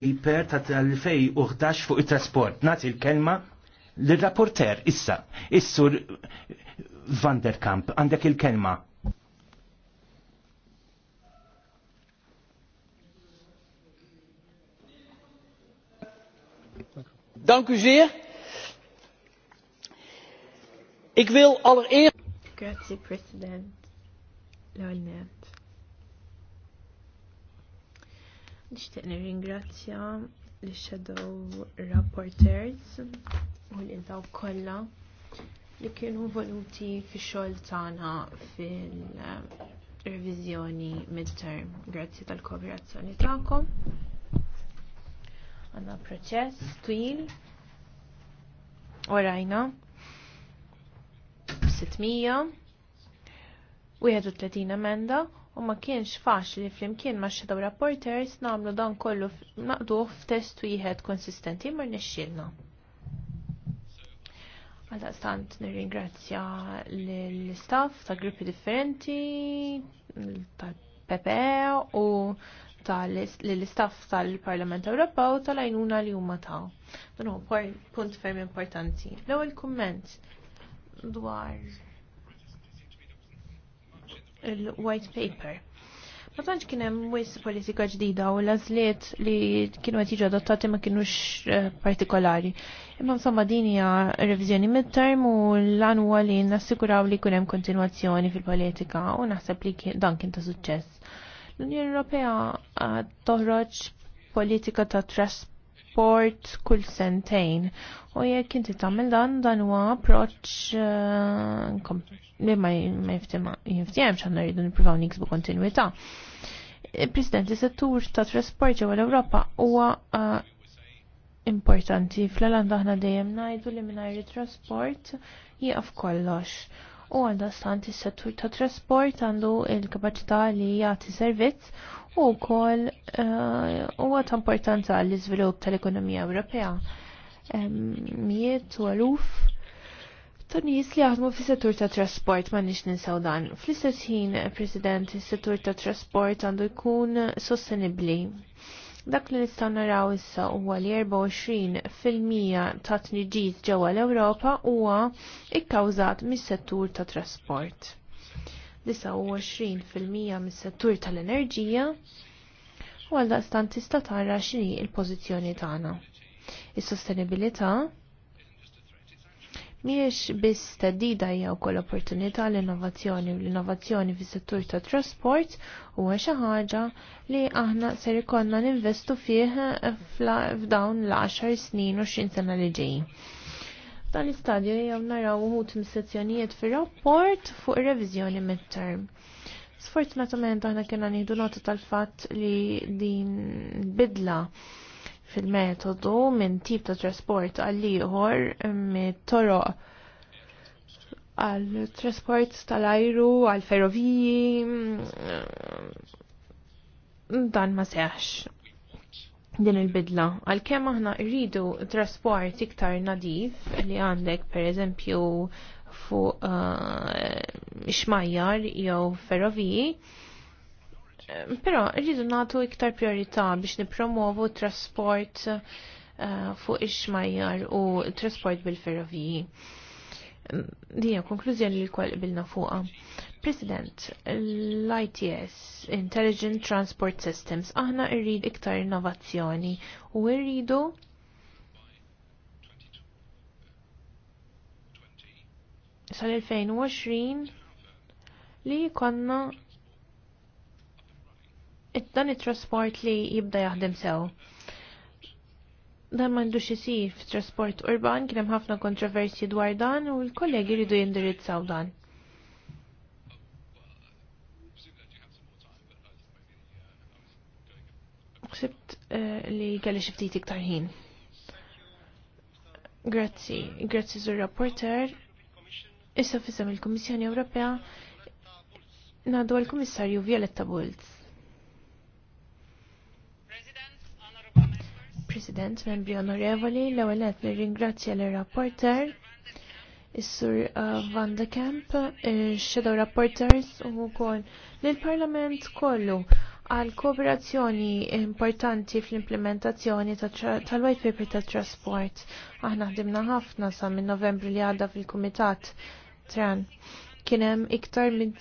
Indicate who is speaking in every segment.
Speaker 1: iper ta' 2011 fuq it-trasport. Nat il-kelma l-rapporter issa, issur Vanderkamp, għandek il-kelma.
Speaker 2: Dank u zeer.
Speaker 3: Ik wil allereerst... Grazie, president. Lorna. Nixtieq nirringrazzja l-Shadow Rapporteurs u l-intaw kollha li kienu voluti fi xol tagħna fil revizjoni midterm. Grazzi tal-kooperazzjoni tagħkom. Għanna proċess twil orajna 600 30 emenda u ma kienx faċli flimkien ma' shadow rapporters namlu dan kollu naqduh f'test wieħed konsistenti mar nixxielna. Għadda stant nirringrazzja l-staff ta' gruppi differenti, tal-PPE u l istaff tal-Parlament Ewropew tal-għajnuna li huma ta' Dan huwa punt ferm importanti. L-ewwel kumment dwar il-white paper. Ma tantx kien hemm wis politika ġdida u l-għażliet li kienu qed jiġu adottati ma kienux eh, partikolari. Imma insomma din hija reviżjoni mid-term u l-anwa li nassikuraw li jkun hemm kontinwazzjoni fil-politika u naħseb li dan kien ta' suċċess. L-Unjoni Ewropea eh, toħroġ politika ta' trust rapport kull sentejn. U jekk inti tagħmel dan dan huwa approċċ eh, li ma jinftihemx għandna rridu nippruvaw niksbu kontinwità. Eh, President, is-settur ta' trasport ġewwa l-Ewropa huwa eh, importanti. Fl-Olanda aħna dejjem ngħidu li mingħajr it trasport jieqaf kollox u għal dastant is-settur ta' trasport għandu il-kapacità li jagħti servizz u wkoll eh, huwa ta' importanza għall iżvilupp tal-ekonomija Ewropea. Mijiet u għaluf ta' nies li jaħdmu fis-settur ta' trasport ma nix ninsaw dan. Fl-istess ħin, President, is-settur ta' trasport għandu jkun sostenibbli Dak li nistgħu naraw issa huwa li 24 fil-mija ta' tniġis ġewwa l-Ewropa huwa ikkawżat mis-settur ta' trasport. 29 fil-mija mis-settur tal-enerġija u għal daqstant tista' tara x'inhi l-pożizzjoni tagħna. Is-sostenibilità miex biss tedida jew kol opportunità l-innovazzjoni u l-innovazzjoni fis-settur tat trasport huwa xi ħaġa li aħna ser ikollna ninvestu fih f'dawn l-10 snin u xin sena li ġejjin. Dan l-istadju jew naraw uħut mis-sezzjonijiet fir-rapport fuq ir-reviżjoni mid-term. Sfortunatament aħna kena nieħdu nota tal-fatt li din bidla fil-metodu minn tip ta' trasport għall-ieħor minn mm, toroq għal trasport tal-ajru, għal ferroviji, mm, dan ma seħx din il-bidla. Għal kem aħna rridu trasport iktar nadif li għandek per eżempju fuq uh, eh, xmajjar jew ferroviji, Però rridu nagħtu iktar priorità biex nipromovu trasport uh, fuq ix-xmajjar u trasport bil-ferroviji. Mm, Dija konklużjoni li l bilna fuqa. President, l-ITS, Intelligent Transport Systems, aħna rrid iktar innovazzjoni u rridu sal-2020 li konna dan it-trasport li jibda jaħdem sew. Dan m'għandux isir f'trasport urban kien hemm ħafna kontroversji dwar dan u l-kollegi jridu jindirizzaw dan. Sibt eh, li kelli xi ftit iktar ħin. Grazzi, grazzi zur rapporter. Issa fissam il-Kummissjoni Ewropea nadu għal-Kummissarju Violetta Bulls. President, membri onorevoli, l-ewwel qed nirringrazzja l-rapporter is-Sur uh, Van de Kemp, Shadow Rapporters u wkoll lill-Parlament kollu għal kooperazzjoni importanti fl-implementazzjoni tal-white paper tat trasport. Aħna ħdimna ħafna sa minn Novembru li għadda fil-Kumitat Tran. Kien hemm iktar minn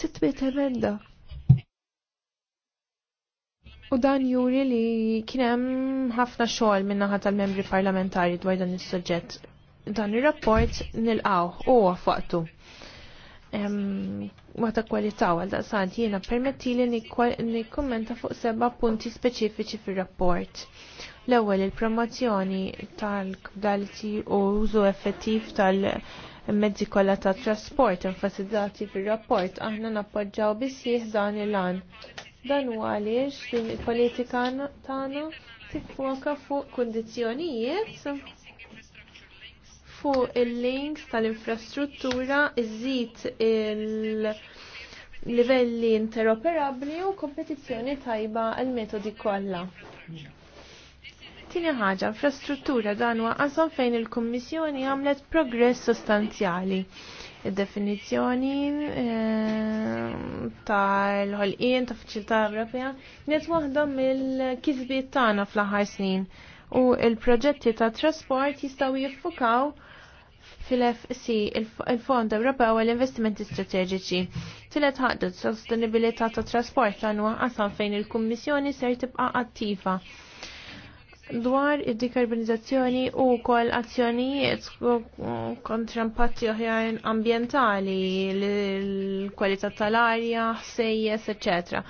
Speaker 3: 6 emenda U dan juri li kienem ħafna xogħol minnaħa tal-membri parlamentari dwar dan is-suġġett. Dan ir-rapport nilqaw u waqtu. Wata kwalità għal daqsant jiena permetti li nikkommenta fuq seba punti speċifiċi fir-rapport. L-ewwel il-promozzjoni tal-kbdalti u użu effettiv tal- mezzi kollha tat trasport enfasizzati fir-rapport aħna nappoġġaw biss dan il-lan Dan huwa għaliex din il-politika tagħna tiffoka fuq kundizzjonijiet fuq il-links tal-infrastruttura iżid il-livelli interoperabbli u kompetizzjoni tajba għal metodi kollha. Tini ħaġa, infrastruttura dan huwa qasam fejn il-Kummissjoni għamlet progress sostanzjali id-definizzjoni eh, tal-ħolqien ta' fċilta' Ewropea net waħda mill-kisbiet tagħna fl-aħħar snin u l-proġetti ta' trasport jistgħu jiffukaw fil-FSI il-Fond Ewropew għall investimenti Strateġiċi. Tilet ħaddu sostenibilità ta' trasport għanwa qasam fejn il-Kummissjoni ser tibqa' attiva dwar id-dekarbonizzazzjoni u kol azzjonijiet kontra impatti oħrajn ambientali, l-kwalità tal-arja, sejjes, eccetera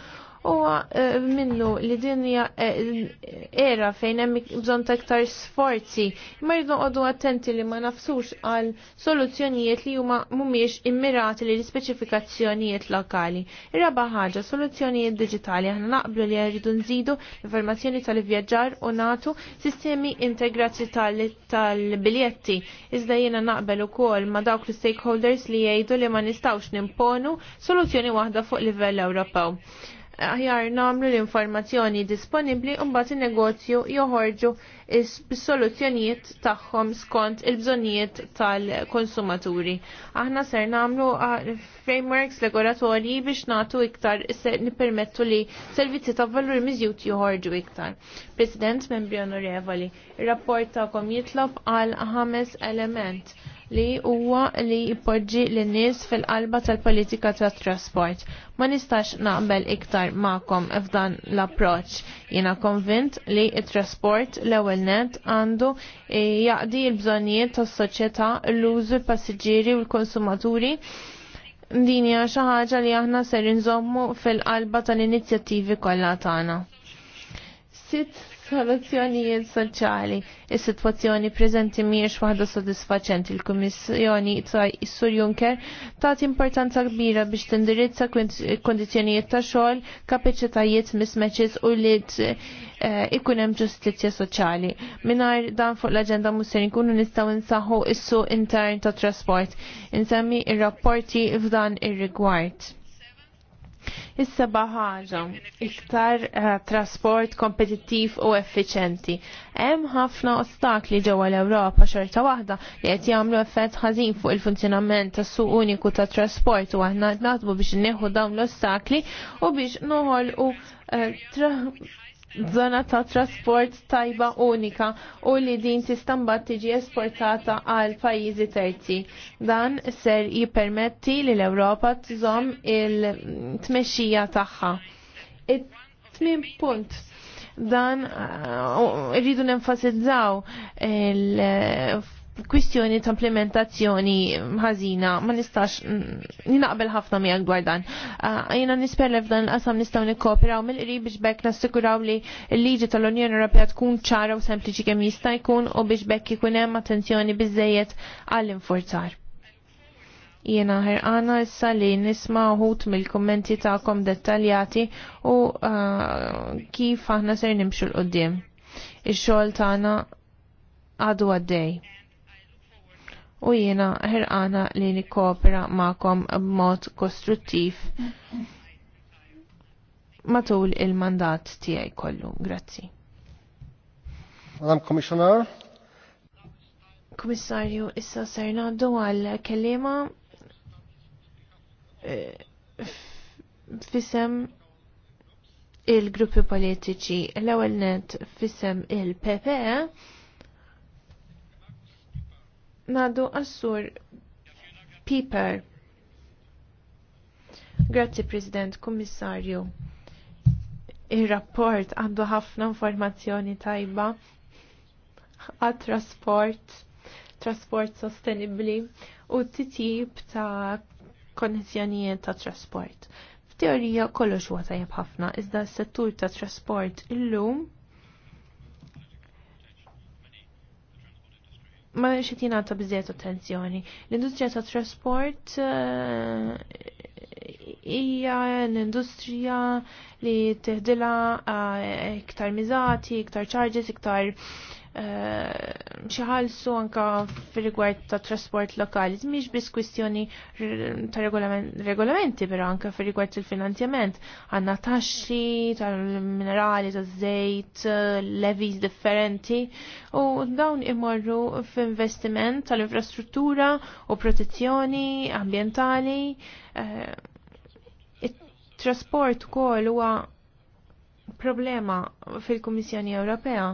Speaker 3: u eh, minnu li dinja eh, era fejn hemm bżonn ta' iktar sforzi. imma rridu għodu attenti li ma nafsux għal soluzzjonijiet li huma mhumiex immirati li l-ispeċifikazzjonijiet lokali. Raba ħaġa, soluzzjonijiet diġitali aħna naqblu li rridu nżidu informazzjoni tal-vjaġġar u natu sistemi integrazzi tal-biljetti. Iżda jiena naqbel ukoll ma dawk l-stakeholders li jgħidu li ma nistgħux nimponu soluzzjoni waħda fuq livell Ewropew aħjar namlu l-informazzjoni disponibli mbagħad in-negozju joħorġu is-soluzzjonijiet tagħhom skont il-bżonnijiet tal-konsumaturi. Aħna ser namlu frameworks regolatorji biex nagħtu iktar nippermettu li servizzi ta' valur miżjut joħorġu iktar. President, membri onorevoli, ir-rapport ta' jitlob għal ħames element li huwa li jpoġġi lin-nies fil-qalba tal-politika tat-trasport. Ma nistax naqbel iktar magħkom f'dan l-approċċ. Jiena konvint li t-trasport l-ewwel net għandu eh, jaqdi l-bżonnijiet tas-soċjetà l-użu l-passiġġieri u l-konsumaturi din hija xi ħaġa li aħna ser inżommu fil-qalba tal-inizjattivi kollha tagħna. Sitt soluzzjonijiet soċjali. Is-sitwazzjoni preżenti mhijiex waħda sodisfaċenti. Il-Kummissjoni Sur Juncker tat importanza kbira biex tindirizza kondizzjonijiet ta' xogħol, kapaċitajiet mismatches u li eh, ikun hemm ġustizzja soċjali. Mingħajr dan fuq l-aġenda musser nkunu nistgħu nsaħħu is-suq intern tat trasport. Insemmi ir-rapporti f'dan ir-rigward Issa seba ħaġa, iktar uh, trasport kompetittiv u effiċenti. Hemm ħafna ostakli ġewwa l-Ewropa xorta waħda li qed jagħmlu effett ħażin fuq il-funzjonament tas-suq uniku tat trasport u aħna naħdmu biex inneħħu dawn l-ostakli u biex noħolqu uh, zona ta' trasport tajba unika u li din tistambat tiġi esportata għal pajjiżi terzi. Dan ser jipermetti li l-Ewropa tżomm il-tmexxija tagħha. It-tmim punt dan uh, rridu nenfasizzaw il kwistjoni ta' implementazzjoni ħażina ma nistax ninaqbel ħafna mi dwar dan. Għajna ah, nisperle f'dan l qasam nistgħu nikkooperaw mill-qrib biex bekk nassikuraw li l-liġi tal-Unjoni Ewropea tkun ċara u sempliċi kemm jista' jkun u biex bekk ikun hemm attenzjoni biżejjed għall-infurzar. Jiena ħerqana issa li nisma uħut mill-kommenti ta'kom dettaljati u ah, kif aħna ser nimxu l-qoddim. Ix-xogħol tagħna għadu għaddej u jiena ħirqana li nikkoopera ma'kom b'mod kostruttiv matul il-mandat tiegħi kollu. Grazzi. Madam Commissioner. Kummissarju, issa ser ngħaddu għal kellima eh, fisem il-gruppi politiċi l ewel net fisem il-PPE Nadu Assur Piper. Grazzi President, Kummissarju. Il-rapport għandu ħafna informazzjoni tajba għat trasport, trasport sostenibli u titjib ta' konnessjonijiet ta' trasport. F'teorija kollox huwa tajjeb ħafna, iżda s-settur ta' trasport illum ma jina jenata bizziet attenzjoni. L-industrija ta' trasport eh, hija l-industrija li teħdila eh, iktar mizati, iktar charges, iktar Eh, xaħalsu anka fil-rigward ta' trasport lokali, miex biss kwistjoni ta' regolamenti, pero anka fil-rigward il-finanzjament, għanna taxxi, tal-minerali, ta' zejt, levis differenti, u dawn imorru f'investiment tal-infrastruttura u protezzjoni ambientali, eh, trasport kol huwa problema fil-Kummissjoni Ewropea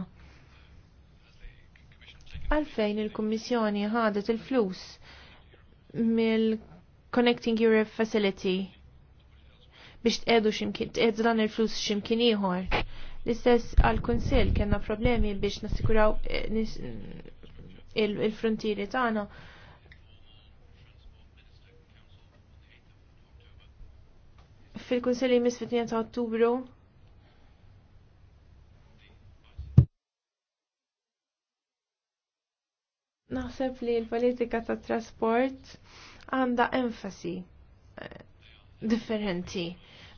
Speaker 3: għalfejn il-Kummissjoni ħadet il-flus mill-Connecting Europe Facility biex t'edu ximkien, t'edu dan il-flus ximkien ieħor. L-istess għal konsil kena problemi biex nassikuraw eh, il-frontieri tagħna. fil konsil jmiss fit-2 ta' Ottubru naħseb li l-politika ta' trasport għandha enfasi eh, differenti.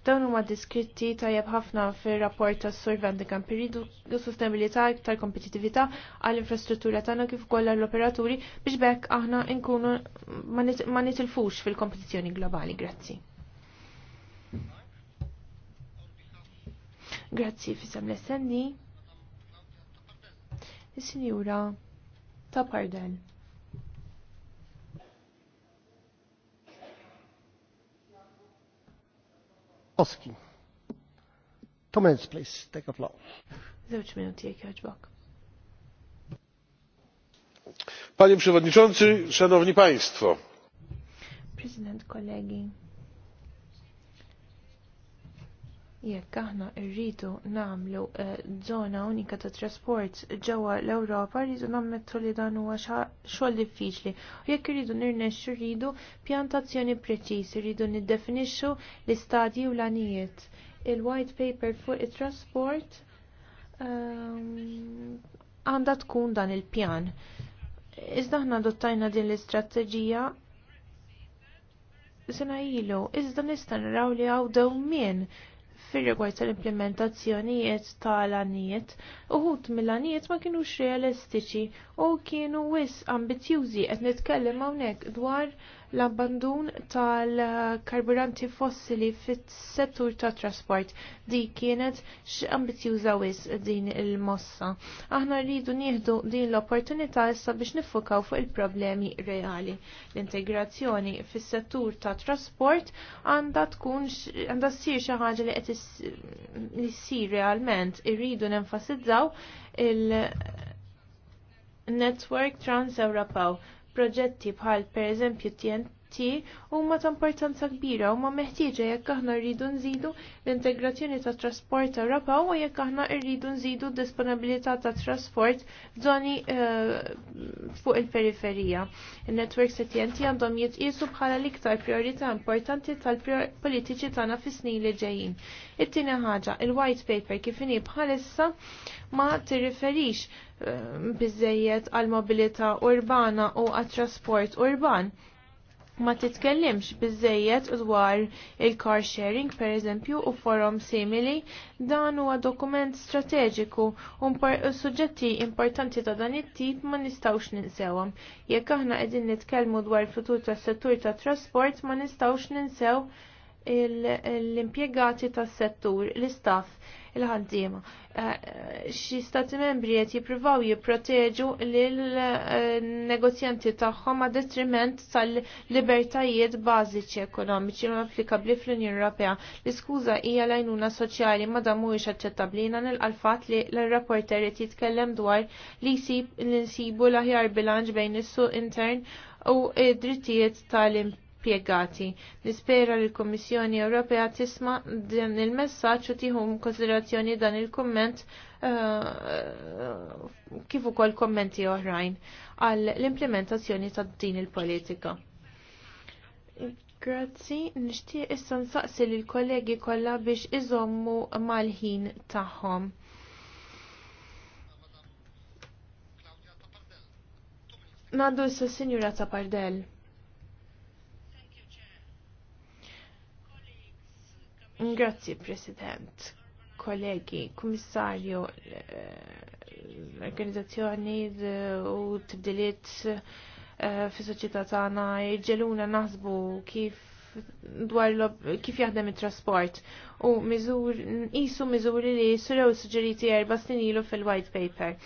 Speaker 3: Dawn huma diskritti tajjeb ħafna fir-rapport tas Sur Van de Kamp sostenibilità iktar kompetitività għall infrastruttura tagħna kif ukoll l-operaturi biex bekk aħna nkunu ma nitilfux fil-kompetizzjoni globali. Grazzi. Grazzi fisem l-essendi. Is-Sinjura Tapardel.
Speaker 2: Oski. Two minutes, please. Take a floor.
Speaker 3: Zewċ minuti, jek Panie Przewodniczący, Szanowni Państwo. Prezydent, kolegi. Jekk aħna rridu nagħmlu żona eh, unika ta' trasport ġewwa l-Ewropa rridu nammettu li dan huwa xogħol diffiċli. U jekk irridu nirnexxu rridu pjantazzjoni preċiżi rridu niddefinixxu l-istadji u l-anijiet. Il-white paper fuq it-trasport ehm, għandha tkun dan il-pjan. Iżda aħna adottajna din l-istrateġija sena ilu, iżda nista' naraw li għaw dewmien fir-rigward tal-implementazzjonijiet tal-għanijiet, uħut mill-għanijiet ma kienu realistiċi u kienu wis ambizjużi qed nitkellem hawnhekk dwar l-abbandun tal-karburanti fossili fit-settur ta' trasport. Di kienet x'ambizjuża wis din il-mossa. Aħna rridu nieħdu din l-opportunità issa biex nifokaw fuq il-problemi reali. L-integrazzjoni fis-settur ta' trasport għandha tkun għandha ssir xi ħaġa li qed issir realment. Irridu nenfasizzaw il- Network Trans-Ewropew proġetti bħal pereżempju TNT u ma ta' importanza kbira u ma meħtieġa jekk aħna rridu nżidu l-integrazzjoni ta' trasport Ewropew u jekk aħna rridu nżidu d-disponibilità ta' trasport f'żoni eh, fuq il-periferija. Il-networks TNT għandhom jitqisu bħala l-iktar priorità importanti tal-politiċi tagħna fis-snin li ġejjin. It-tieni ħaġa, il-white paper kif inhi bħalissa ma tirriferix eh, bizzejiet għal mobilità urbana u għat trasport urban ma titkellimx biżejjed dwar il-car sharing per eżempju u forum simili dan huwa dokument strateġiku u suġġetti importanti ta' dan it-tip ma nistawx ninsewhom. Jekk aħna qegħdin nitkellmu dwar il-futur tas-settur tat-trasport ma nistawx ninsew l-impjegati tas-settur, l-istaff il-ħaddiema. Eh, eh, xi stati membri qed jippruvaw jipproteġu lill-negozjanti eh, tagħhom ma' detriment tal-libertajiet bażiċi ekonomiċi u applikabbli fl-Unjoni Ewropea. L-iskuża hija l-għajnuna soċjali ma dan mhuwiex aċċettabbli nilqalfat li l-rapporter qed jitkellem dwar li jsib l-insibu l-aħjar bilanċ bejn is-suq intern u id-drittijiet tal-imp impjegati. Nispera li l-Kommissjoni Ewropea tisma' din il-messaġġ u tieħu konsiderazzjoni dan il-kumment eh, eh, kif ukoll kommenti oħrajn għal l-implementazzjoni ta' din il-politika. Grazzi, nixtieq issa nsaqsi lill kollegi kollha biex iżommu mal-ħin tagħhom. Nadu issa Sinjura Tapardell. Grazzi, President, kollegi, kummissarju, l-organizzazzjoni eh, eh, u tibdiliet eh, fi soċjetà tagħna jġeluna naħsbu kif dwar kif jaħdem it-trasport u miżur qisu miżuri li suraw suġġeriti erba' snin ilu fil-white paper.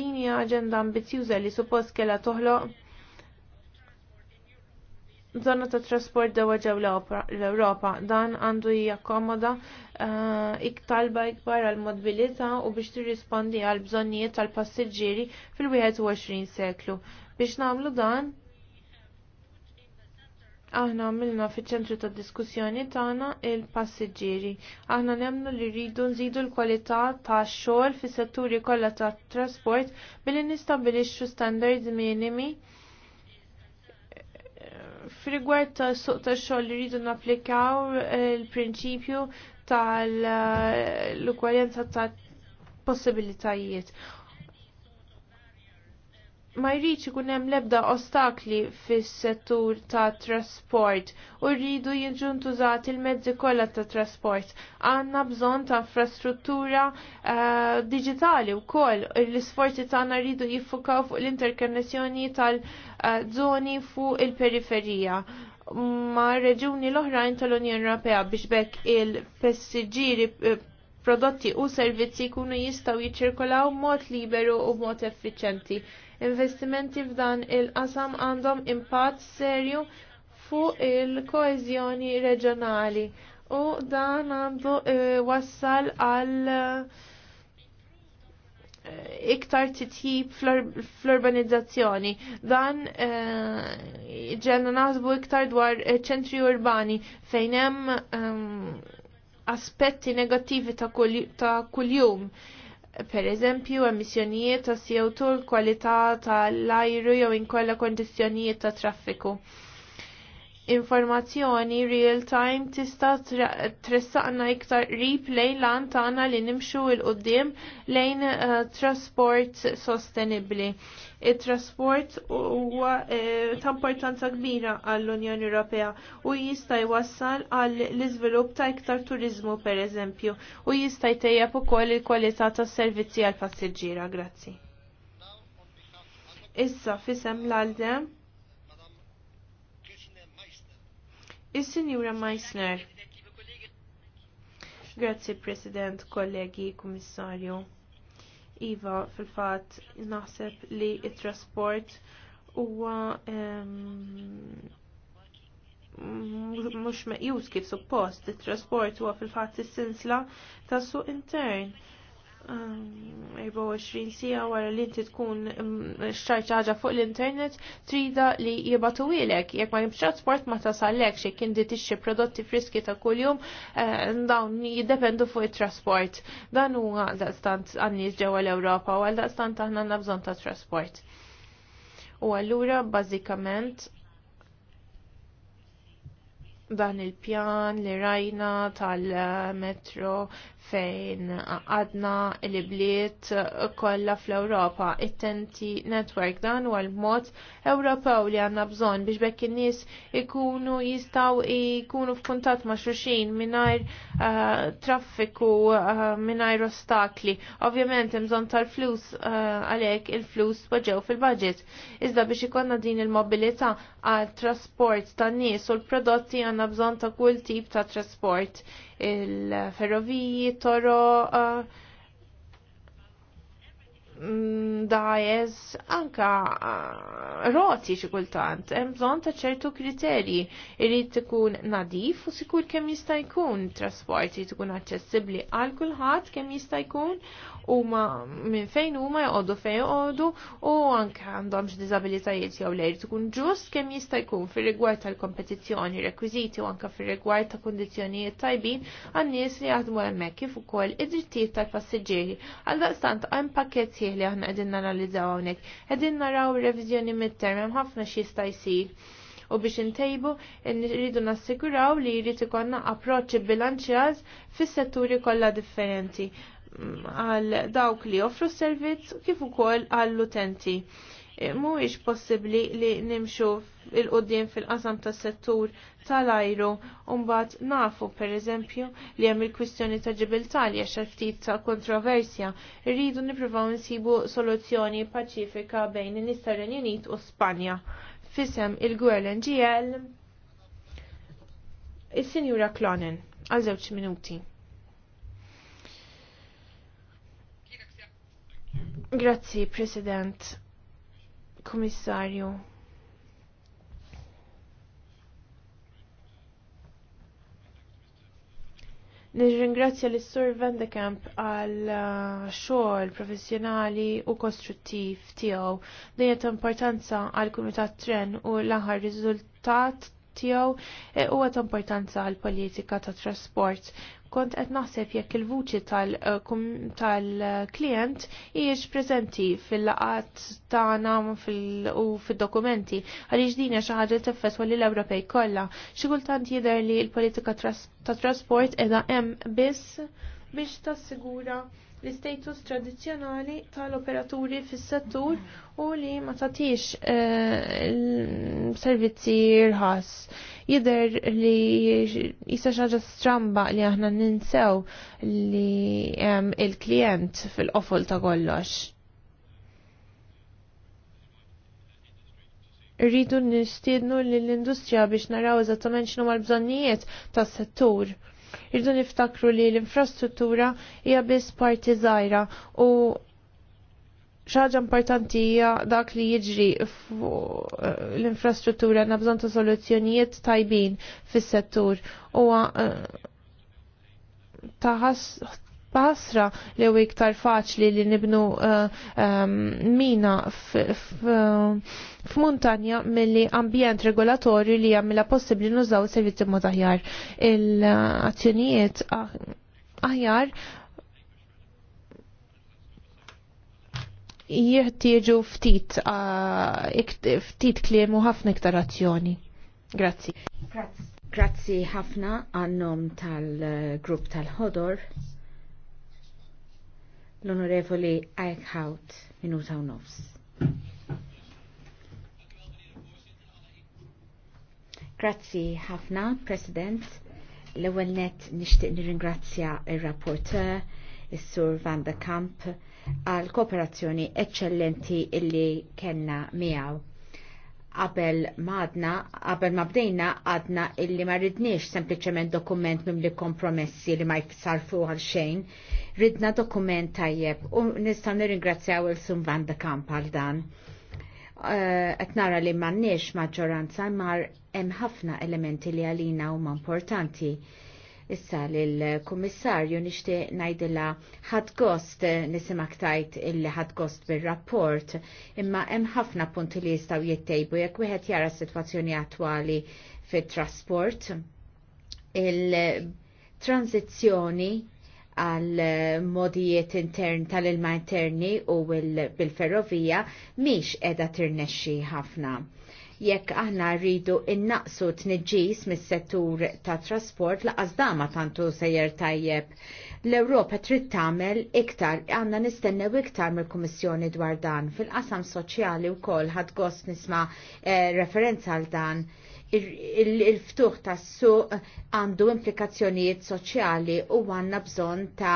Speaker 3: Din hija aġenda ambizjuża li suppost kellha toħloq zona ta' trasport dewa ġew l-Ewropa. Dan għandu jakkomoda uh, eh, iktalba ikbar għal mobilità u biex tirrispondi għal bżonnijiet tal-passiġġieri fil-21 seklu. Biex nagħmlu dan, Aħna għamilna fiċ-ċentru ta' diskussjoni tagħna il-passiġġieri. Aħna nemmnu li rridu nżidu l-kwalità tax xogħol fis-setturi kollha tat trasport billi nistabilixxu standards minimi Frigward ta' suq ta' xogħol li rridu napplikaw eh, il-prinċipju tal-ugwaljanza eh, ta' possibilitajiet ma jridx ikun hemm l-ebda ostakli fis-settur ta' trasport u rridu jiġu ntużati il-mezzi kollha ta' trasport. Għandna bżonn ta' infrastruttura uh, eh, diġitali wkoll l-isforzi tagħna rridu jiffukaw fuq l-interkonnessjoni tal-żoni fuq il-periferija ma' reġuni l-oħrajn tal-Unjoni Ewropea biex bekk il-passiġġieri eh, prodotti u servizzi kunu jistgħu jiċirkolaw mod liberu u mod effiċenti. Investimenti f'dan il-qasam għandhom impatt serju fuq il-koezjoni reġjonali u dan għandu eh, wassal għal eh, iktar titjib fl-urbanizzazzjoni. Dan eh, ġenna nasbu iktar dwar ċentri urbani fejn hemm ehm, aspetti negattivi ta' kuljum per eżempju emissjonijiet ta' CO2, kwalità tal-ajru jew inkolla kondizzjonijiet ta' traffiku informazzjoni real time tista' tressaqna iktar qrib lejn lan tagħna li nimxu il qudiem lejn uh, trasport sostenibbli. Il-trasport huwa uh, ta' importanza kbira għall-Unjoni Ewropea u jista' jwassal għall l-iżvilupp ta' iktar turizmu pereżempju u jista' jtejjeb ukoll il-kwalità tas-servizzi għall-passiġġiera. Grazzi. Issa fisem l-għaldem Is-Sinjura Meissner. Grazzi President, kollegi, Kummissarju. Iva, fil-fat, naħseb li il trasport huwa mhux meqjus kif suppost. It-trasport huwa fil-fatt is-sinsla tas-suq intern 24 sija wara li inti tkun mm, xtajt ħaġa fuq l-internet trida li jibatu ilek. Jekk ma nimx trasport ma tasallek xi kien di tixxi prodotti friski ta' kuljum eh, dawn jiddependu fuq it-trasport. Dan huwa għaldaqstant għan-nies ġewwa l-Ewropa u għal aħna għandna bżonn ta' trasport. U allura bażikament dan il-pjan li rajna tal-metro fejn għadna l-bliet kollha fl-Ewropa. It-tenti network dan huwa l-mod Ewropew li għandna bżonn biex bekk in-nies ikunu jistgħu ikunu f'kuntatt ma' xulxin mingħajr uh, traffiku uh, mingħajr ostakli. Ovvjament hemm bżonn tal-flus eh, għalhekk uh, il-flus poġġew fil-budget. Iżda biex ikonna din il-mobilità għal trasport tan-nies u l-prodotti għandna bżonn ta' kull tip ta' trasport il-ferroviji, toro, uh, Mm, dajes anka ah, roti xi kultant, hemm bżonn ta' ċertu kriterji irid ikun nadif u sikur kemm jista' jkun trasporti tkun accessibli aċċessibbli għal kulħadd kemm jista' jkun ma minn fejn huma jgħodu fejn jqogħdu u anke għandhomx diżabilitajiet jew lejri ikun ġust kemm jista' jkun fir-rigward tal-kompetizzjoni, rekwiżiti u anke fir-rigward ta' kundizzjonijiet tajbin għan-nies li jaħdmu hemmhekk kif ukoll id-drittijiet tal-passiġġieri. Għaldaqstant hemm pakketti fih li aħna qegħdin nanalizzaw hawnhekk. Qegħdin naraw ir-reviżjoni mid-term hemm ħafna xi jista' jsir. U biex intejbu rridu nassiguraw li jrid konna approċċi bilanċjat fis-setturi kollha differenti mm, għal dawk li offru servizz kif ukoll għall-utenti mhuwiex possibbli li nimxu il-qudiem fil-qasam tas-settur tal-ajru u mbagħad nafu pereżempju li hemm il-kwistjoni ta' ġibiltarja xi ftit ta' kontroversja. Irridu nippruvaw nsibu soluzzjoni paċifika bejn in-nies Unit u Spanja. Fisem il-Gwerl NGL il-Sinjura Clonen għal żewġ minuti. Grazzi, President. Komissarju. Nirringrazzja l sur Vendekamp għal uh, xogħol professjonali u kostruttiv tiegħu. Dejja ta' importanza għal Kumitat Tren u l-aħħar riżultat tiegħu eh, huwa ta' importanza għal politika ta' trasport. Kont qed naħseb jekk il-vuċi eh, tal-klient hijiex preżenti fil-laqat tagħna u fid-dokumenti għaliex din hija xi ħaġa tiffetwa lil Ewropej kollha. Xi kultant jidher li l-politika ta' trasport qiegħda hemm biss biex tassigura sigura l-istatus tradizzjonali tal-operaturi fis-settur u li ma tatix eh, servizzi rħas. Jider li jisa xaġa stramba li aħna ninsew li il-klient fil-qofol ta' kollox. Rridu nistiednu l-industrija biex naraw eżattament x'numa l-bżonnijiet tas-settur. Irdu niftakru li l-infrastruttura hija biss parti żgħira u xi importanti hija dak li jiġri l-infrastruttura na bżonn ta' soluzzjonijiet tajbin fis-settur u eh, taħas basra li u iktar faċli li nibnu uh, um, mina f mina f'muntanja mill-li ambjent regolatorju li għamila possibli nużaw servizzi mod aħjar. Il-azzjonijiet aħjar jirtieġu ftit ftit kliem u ħafna iktar azzjoni.
Speaker 2: Grazzi. Grazzi ħafna għannom tal-grupp tal-ħodor l-Onorevoli Eichhout, minuta u nofs. Grazzi ħafna, President. l ewel net nixtieq nirringrazzja il rapporteur il sur Van de Kamp għal kooperazzjoni eccellenti illi kellna miegħu qabel madna, qabel ma bdejna għadna illi ma rridniex sempliċement dokument mimli kompromessi li ma jfisar għal xejn, ridna dokument tajjeb u nistgħu nirringrazzjaw il Sum Van de Kamp għal dan. Eh, qed nara li m'għandniex maġġoranza mar hemm ħafna elementi li għalina huma importanti. Issa l-Kummissarju nixtieq ngħidilha ħadd gost eh, nisimak tajt illi ħadd gost bir-rapport, imma hemm ħafna punti li jistgħu jittejbu jekk wieħed jara s-sitwazzjoni attwali fit-trasport. Il-tranzizzjoni għal modijiet intern tal-ilma interni u bil-ferrovija miex edha tirnexxi ħafna. Jekk aħna rridu innaqsu tniġġis mis-settur ta' trasport laqas dama tantu sejjer tajjeb. L-Ewropa trid tagħmel iktar għandna nistennew iktar mill-Kummissjoni dwar dan fil-qasam soċjali wkoll ħadd gost nisma' eh, referenza għal dan il-ftuħ tas suq għandu implikazzjonijiet soċjali u għanna bżon ta'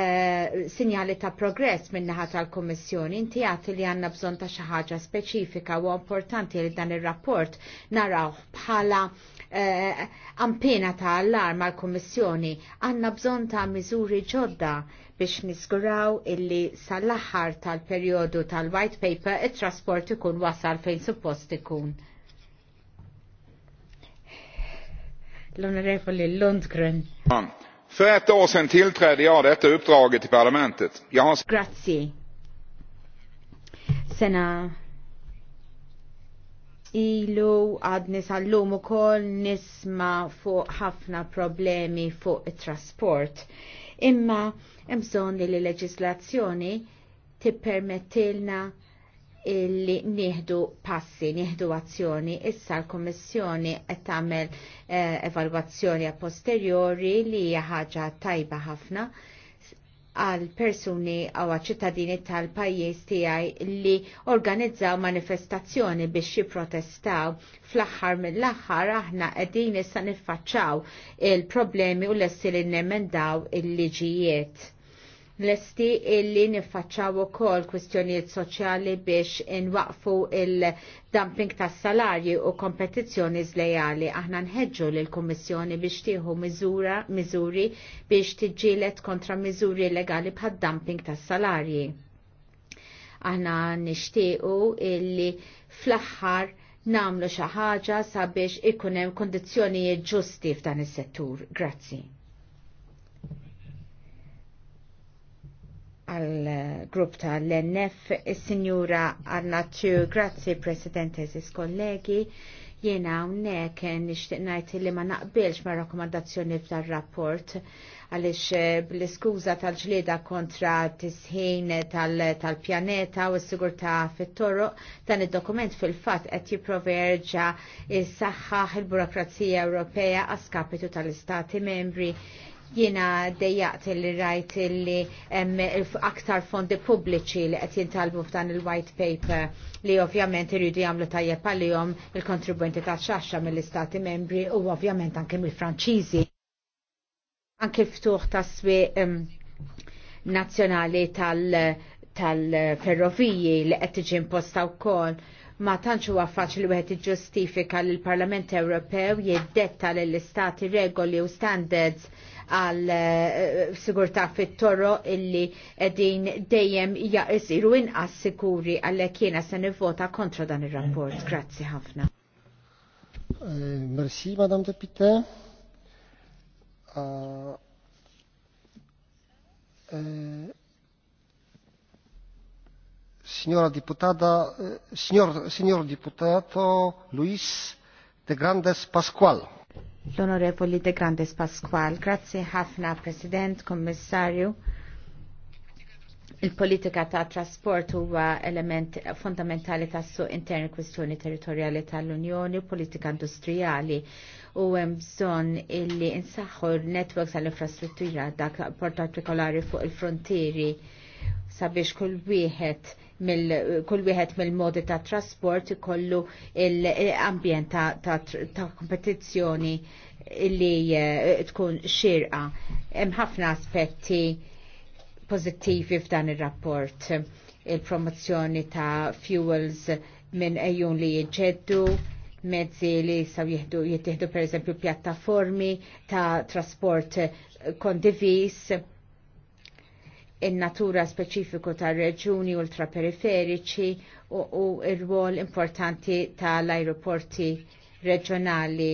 Speaker 2: eh, sinjali ta' progress minnaħa tal-Kommissjoni. Inti għat li għanna bżon ta' xaħġa speċifika u importanti li dan il-rapport naraw bħala e, ampina ta' allarma għal kommissjoni Għanna bżon ta' miżuri ġodda biex nisguraw illi sal-aħħar tal-periodu tal-White Paper it-trasport ikun wasal fejn suppost ikun. l Lundgren. Um, för ett år sedan tillträdde jag detta uppdraget i parlamentet. Jag har... Grazie. Sena ilu għadni sal ukoll kol nisma fuq ħafna problemi fuq trasport. Imma imżon li l-leġislazzjoni tippermettilna illi nieħdu passi, nieħdu azzjoni. Issa l-Kommissjoni qed tagħmel eh, evalwazzjoni a posteriori li hija ħaġa tajba ħafna għal persuni għaw ċittadini tal-pajjiż tiegħi li organizzaw manifestazzjoni biex jipprotestaw fl-aħħar mill-aħħar aħna qegħdin issa niffaċċaw il-problemi u lessi li nemendaw il-liġijiet l-esti illi niffaċċaw ukoll kwistjonijiet soċjali biex inwaqfu il-dumping tas salarji u kompetizzjoni zlejali Aħna nħeġġu lill kummissjoni biex tieħu miżura miżuri biex tiġġielet kontra miżuri legali bħad dumping tas salarji. Aħna nixtiequ illi fl-aħħar namlu xi ħaġa sabiex ikun hemm ġusti f'dan is-settur. Grazzi. għal grupp ta' l-NF, il-Sinjura Arnaċċu, grazzi Presidente, eżis kollegi, jena unnek nishtiq najt li ma naqbilx ma' rakomandazzjoni f'dar rapport għalix eh, bl-iskuza tal-ġlieda kontra tisħin tal-pjaneta u s-sigurta fit-toru, dan il-dokument fil-fat qed jipproverġa is-saħħaħ il-burokrazija Ewropea għaskapitu tal-Istati membri Jiena dejjaqt li rajt li aktar fondi pubbliċi li qed jintalbu f'dan il-white paper li ovvjament iridu jagħmlu tajjeb għalihom il-kontribwenti ta' xaxxa mill-istati membri u ovvjament anke mill-Franċiżi. Anke ftuħ ta' swieq nazzjonali tal-ferroviji li qed tiġi imposta wkoll ma tantx huwa faċli wieħed iġġustifika li l-Parlament Ewropew jiddetta lill istati regoli u standards għal eh, sigurtà fit-torro illi qegħdin dejjem jaqisiru inqas sikuri għalhekk jiena se nivvota kontra dan ir-rapport. Grazzi ħafna. Eh, merci, Madame Depute. Uh, ah, uh, eh,
Speaker 3: signora deputada, eh, signor, signor deputato Luis de Grandes Pasqual.
Speaker 2: l de Grandes Pasqual, grazie ħafna President, Kommissarju. Il-politika ta' trasport huwa element fondamentali tas suq interni kwistjoni territorjali tal-Unjoni, politika industrijali u hemm bżonn illi insaħħu netwerks tal-infrastruttura dak port partikolari fuq il-frontieri sabiex kull wieħed kull wieħed mill-modi ta' trasport ikollu l-ambjent eh, ta', ta, kompetizzjoni li eh, tkun xirqa. Hemm ħafna aspetti pożittivi f'dan ir-rapport. Il promozzjoni ta' fuels minn ejjun li jġeddu, mezzi li saw jihdu, jittihdu per pjattaformi ta' trasport kondivis il natura speċifiku tar-reġuni ultraperiferiċi u, u r-rwol importanti tal-ajruporti reġjonali.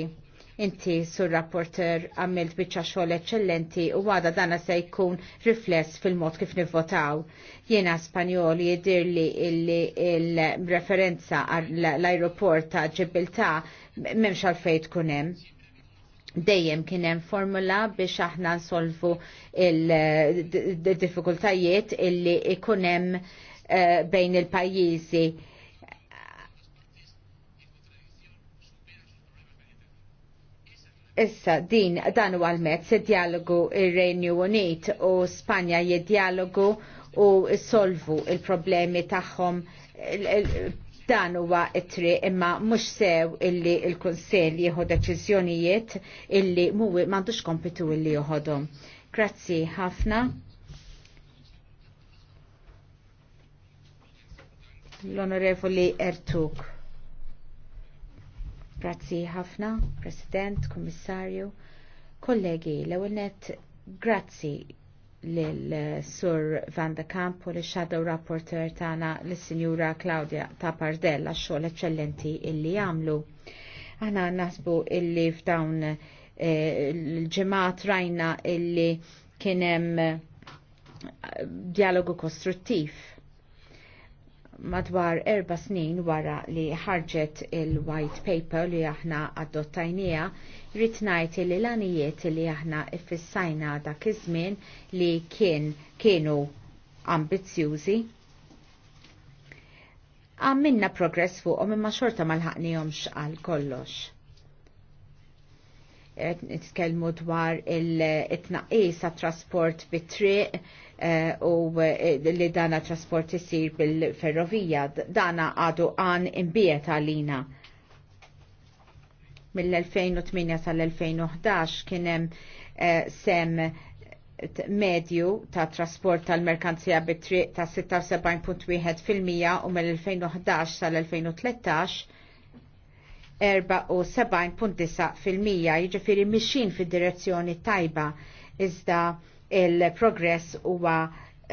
Speaker 2: Inti sur rapporter għamilt biċċa xogħol eċċellenti u għada dana se jkun rifless fil-mod kif nivvotaw. Jiena Spanjol jidirli il-referenza għall ajruport ta' ġibilta memx għalfejn tkun hemm dejjem kien hemm formula biex aħna nsolvu il-diffikultajiet illi ikun hemm eh, bejn il-pajjiżi. Issa din dan huwa l-mezz id-dialogu ir-Renju Unit u Spanja jid-dialogu u solvu il-problemi tagħhom Dan huwa it imma mhux sew illi l-Kunsell jieħu deċiżjonijiet illi mhuwi m'għandux kompitu illi joħodhom. Grazzi ħafna. L-Onorevoli Ertug. Grazzi ħafna, President, Kommissarju, kollegi, l-ewwel net grazzi l-Sur Van de Camp u l-Shadow Rapporteur tana l-Sinjura Claudia Tapardella xogħol eccellenti illi jamlu. Għana nasbu illi f'dawn eh, l-ġemat rajna illi kienem eh, dialogu kostruttiv madwar erba snin wara li ħarġet il-white paper li aħna adottajnija, rrit li l-anijiet li aħna ifissajna dak iż-żmien li kien kienu ambizzjużi. Għamminna progress fuqhom imma xorta ma l għal kollox nitkellmu dwar il-tnaqqis ta' trasport bit-triq, Eh, u eh, li dana trasport isir bil-ferrovija. Dana għadu għan imbiet għalina. Mill-2008 tal-2011 kienem eh, sem medju ta' trasport tal-merkanzija bit-triq ta' 76.1% u mill-2011 tal-2013 74.9% jiġifieri mixin fid-direzzjoni tajba iżda il-progress huwa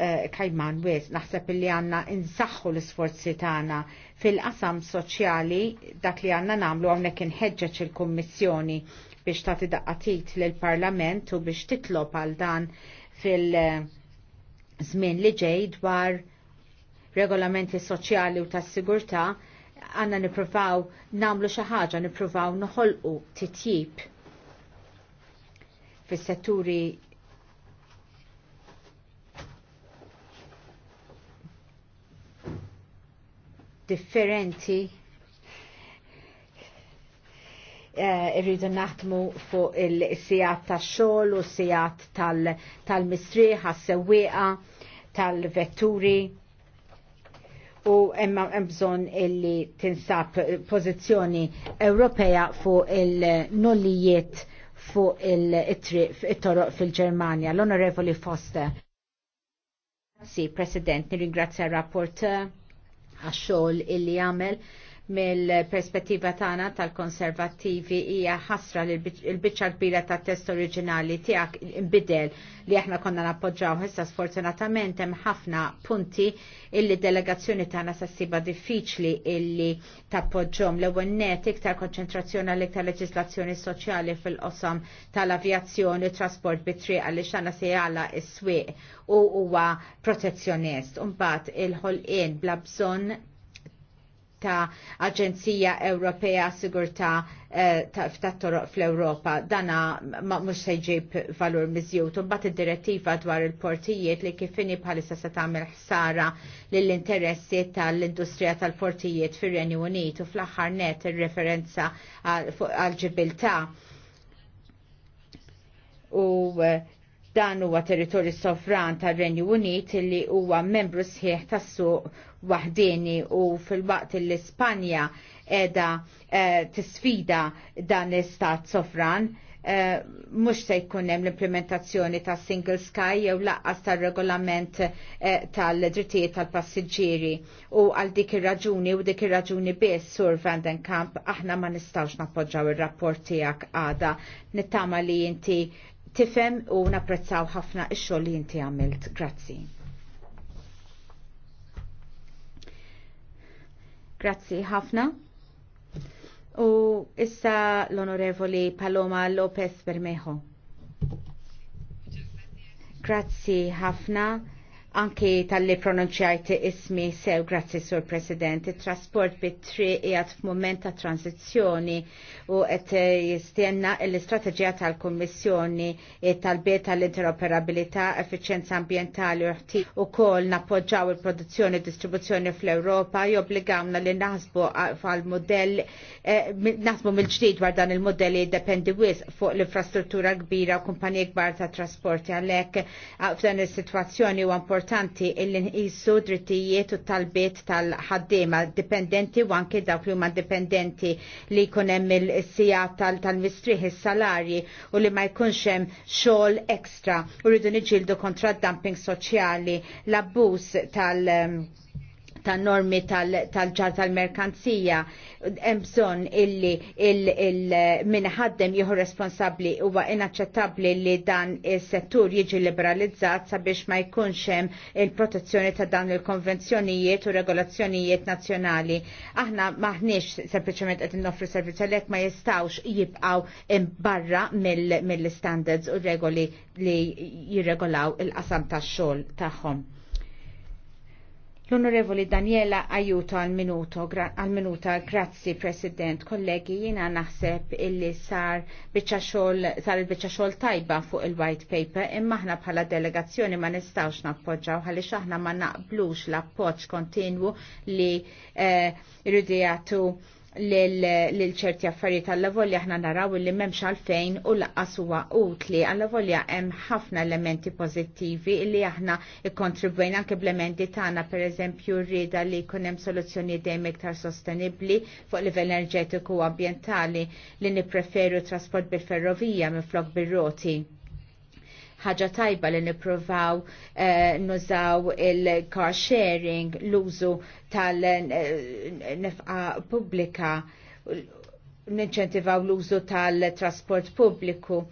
Speaker 2: uh, kajman wis naħseb li għanna insaxħu l-sforzi tagħna fil-qasam soċjali dak li għanna namlu hawnhekk inħeġġeġ il-Kummissjoni biex tagħti daqqatit lill-Parlament u biex titlob għal dan fil-żmien li ġej dwar regolamenti soċjali u tas-sigurtà għanna niprofaw namlu xaħġa, niprofaw noħolqu titjib fis setturi differenti eh, irridu naħdmu fuq il-sijat ta' xol u sijat tal għas sewiqa, tal-vetturi u emma bżon illi tinsab pozizjoni Ewropea fuq il nullijiet fuq il-triq it-toroq fil-Germania. L-Onorevoli Foster. Si, President, nirringrazzja rapporteur għax-xogħol illi jagħmel mill-perspettiva tagħna tal-konservattivi hija ħasra li l-biċċa kbira tat-test oriġinali tiegħek imbidel li aħna konna nappoġġaw issa sfortunatament hemm ħafna punti illi delegazzjoni tagħna sassiba diffiċli illi tappoġġhom l-ewwel net iktar konċentrazzjoni għal iktar leġislazzjoni soċjali fil-qosam tal-avjazzjoni trasport bit-triq għaliex għandna se jgħala is-swieq u huwa protezzjonist. Imbagħad il-ħolqien bla bżonn ta' Aġenzija Ewropea Sigurtà eh, ta' toroq fl-Ewropa. Dana mhux se jġib valur miżjud. Bat id-direttiva dwar il-portijiet li kifini bħalissa se tagħmel ħsara lill-interessi tal-industrija tal-portijiet fir-Renju Unit u fl-aħħar net ir-referenza għal ġibilta u eh, Dan huwa territorju sovran tar-Renju Unit li huwa membru sħiħ tas-suq waħdini u fil-waqt l ispanja edha eh, tisfida dan l-istat sovran eh, mux se jkun hemm l-implementazzjoni ta' single sky jew laqqas tar-regolament eh, tal-drittijiet tal-passiġġieri u għal dik ir-raġuni u dik ir-raġuni biss sur Vandenkamp aħna ma nistgħux nappoġġaw ir-rapport tiegħek għada nittama li inti tifem u napprezzaw ħafna ix-xogħol li inti għamilt. Grazzi. Grazzi ħafna. U issa l-Onorevoli Paloma Lopez Bermejo. Grazzi ħafna. Anki tal-li pronunċajt ismi sew, grazzi sur President, il-trasport bit-tri jgħat f-moment ta' tranzizjoni u għet jistenna l-istrateġija tal-Kommissjoni eh, tal-biet tal-interoperabilità, efficienza ambientali uħti u kol napoġġaw il-produzzjoni u distribuzzjoni fl-Europa jobbligawna li naħsbu għal-modell, eh, naħsbu mill-ġdid dwar dan il modelli li jiddependi wis fuq l-infrastruttura kbira u kumpanija kbar ta' trasporti għalek f'dan il-situazzjoni u importanti importanti illi nqisu drittijiet u talbiet tal-ħaddiema dipendenti u anke dawk li huma dipendenti li jkun hemm il-sija tal-mistrieħ is-salarji u li ma jkunx hemm xogħol ekstra u rridu niġġieldu kontra d-dumping soċjali l-abbuż tal- ta' normi tal-ġar tal-merkanzija hemm bżonn illi il-minħaddem jieħu responsabbli huwa inaċċettabbli li dan is-settur jiġi liberalizzat sabiex ma jkunx hemm il-protezzjoni ta' dawn il-konvenzjonijiet u regolazzjonijiet nazzjonali. Aħna maħniex sempliċement qed n-offri servizja għalhekk ma jistgħux jibqgħu barra mill-standards u regoli li jirregolaw il-qasam tax-xogħol tagħhom. L-Onorevoli Daniela Ajuto għal-minuta, grazzi President, kollegi, jina naħseb illi sar xol, sar il-bicċa tajba fuq il-White Paper, imma ħna bħala delegazzjoni ma nistawx nappoġġaw, għalix aħna ma naqblux l-appoġġ kontinwu li eh, irridijatu lil ċerti affarijiet għall-avolja aħna naraw li m'hemmx għalfejn u laqqas huwa utli għall-avolja hemm ħafna elementi pożittivi li aħna ikkontribwejna anke bl-elementi tagħna pereżempju rrieda li jkun hemm soluzzjoni dejjem iktar sostenibbli fuq livell enerġetiku u ambjentali li nippreferu trasport bil-ferrovija minflok bir-roti ħaġa tajba li niprovaw eh, nużaw il-car sharing, l-użu tal-nefqa pubblika, ninċentivaw l-użu tal-trasport pubbliku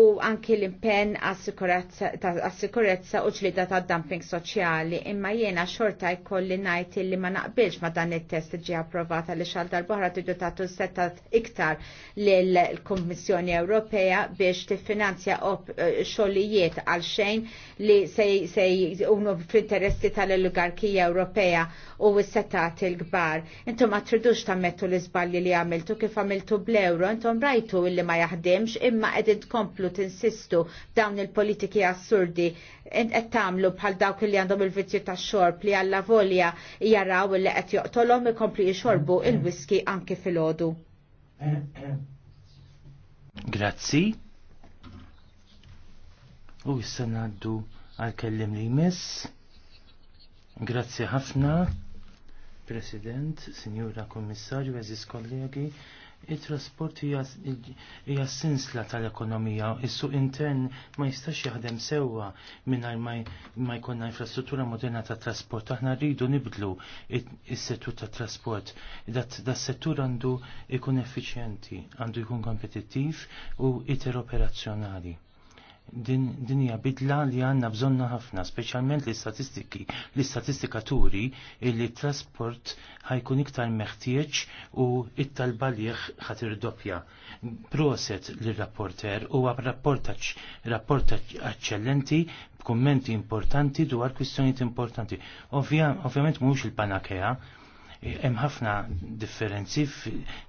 Speaker 2: u anki l-impen għas-sikurezza u ċlida ta' dumping soċjali imma jiena xorta jkolli najt li ma naqbilx ma dan il-test ġi approvata li xal darbohra tiġu tagħtu setat iktar l-Kommissjoni Ewropea biex tiffinanzja eh, xogħlijiet għal xejn li se unu fl-interessi tal lugarkija Ewropea u s-setat il-gbar. Intom ma tridux tammettu l-izballi li għamiltu kif għamiltu bl-euro, intom rajtu illi ma jaħdimx imma edin tkomplu tinsistu dawn il-politiki assurdi qed tagħmlu bħal dawk li għandhom il-vizzju tax-xorb li alla volja jaraw li qed joqtolhom ikomplu jixorbu il-whisky anke filgħodu.
Speaker 1: Grazzi. U issa ngħaddu għal kellim li jmiss. Grazzi ħafna, President, Signora Kommissarju, Eżis kollegi. Il-trasport hija sinsla tal-ekonomija, is-suq intern ma jistax jaħdem sewwa mingħajr ma jkollna infrastruttura moderna tat trasport. Aħna rridu nibdlu is-settur tat trasport. Das settur għandu jkun effiċjenti, għandu jkun kompetittiv u iteroperazzjonali. operazzjonali din dinja bidla li għanna bżonna ħafna, speċjalment l-istatistiki, l-istatistikaturi li trasport ħajkun iktar meħtieġ u it-talba liħ ħatir doppja. Proset l-rapporter u għab rapportaċ eccellenti b'kummenti importanti dwar kwistjoniet importanti. Ovvjament mux il-panakea, hemm ħafna differenzi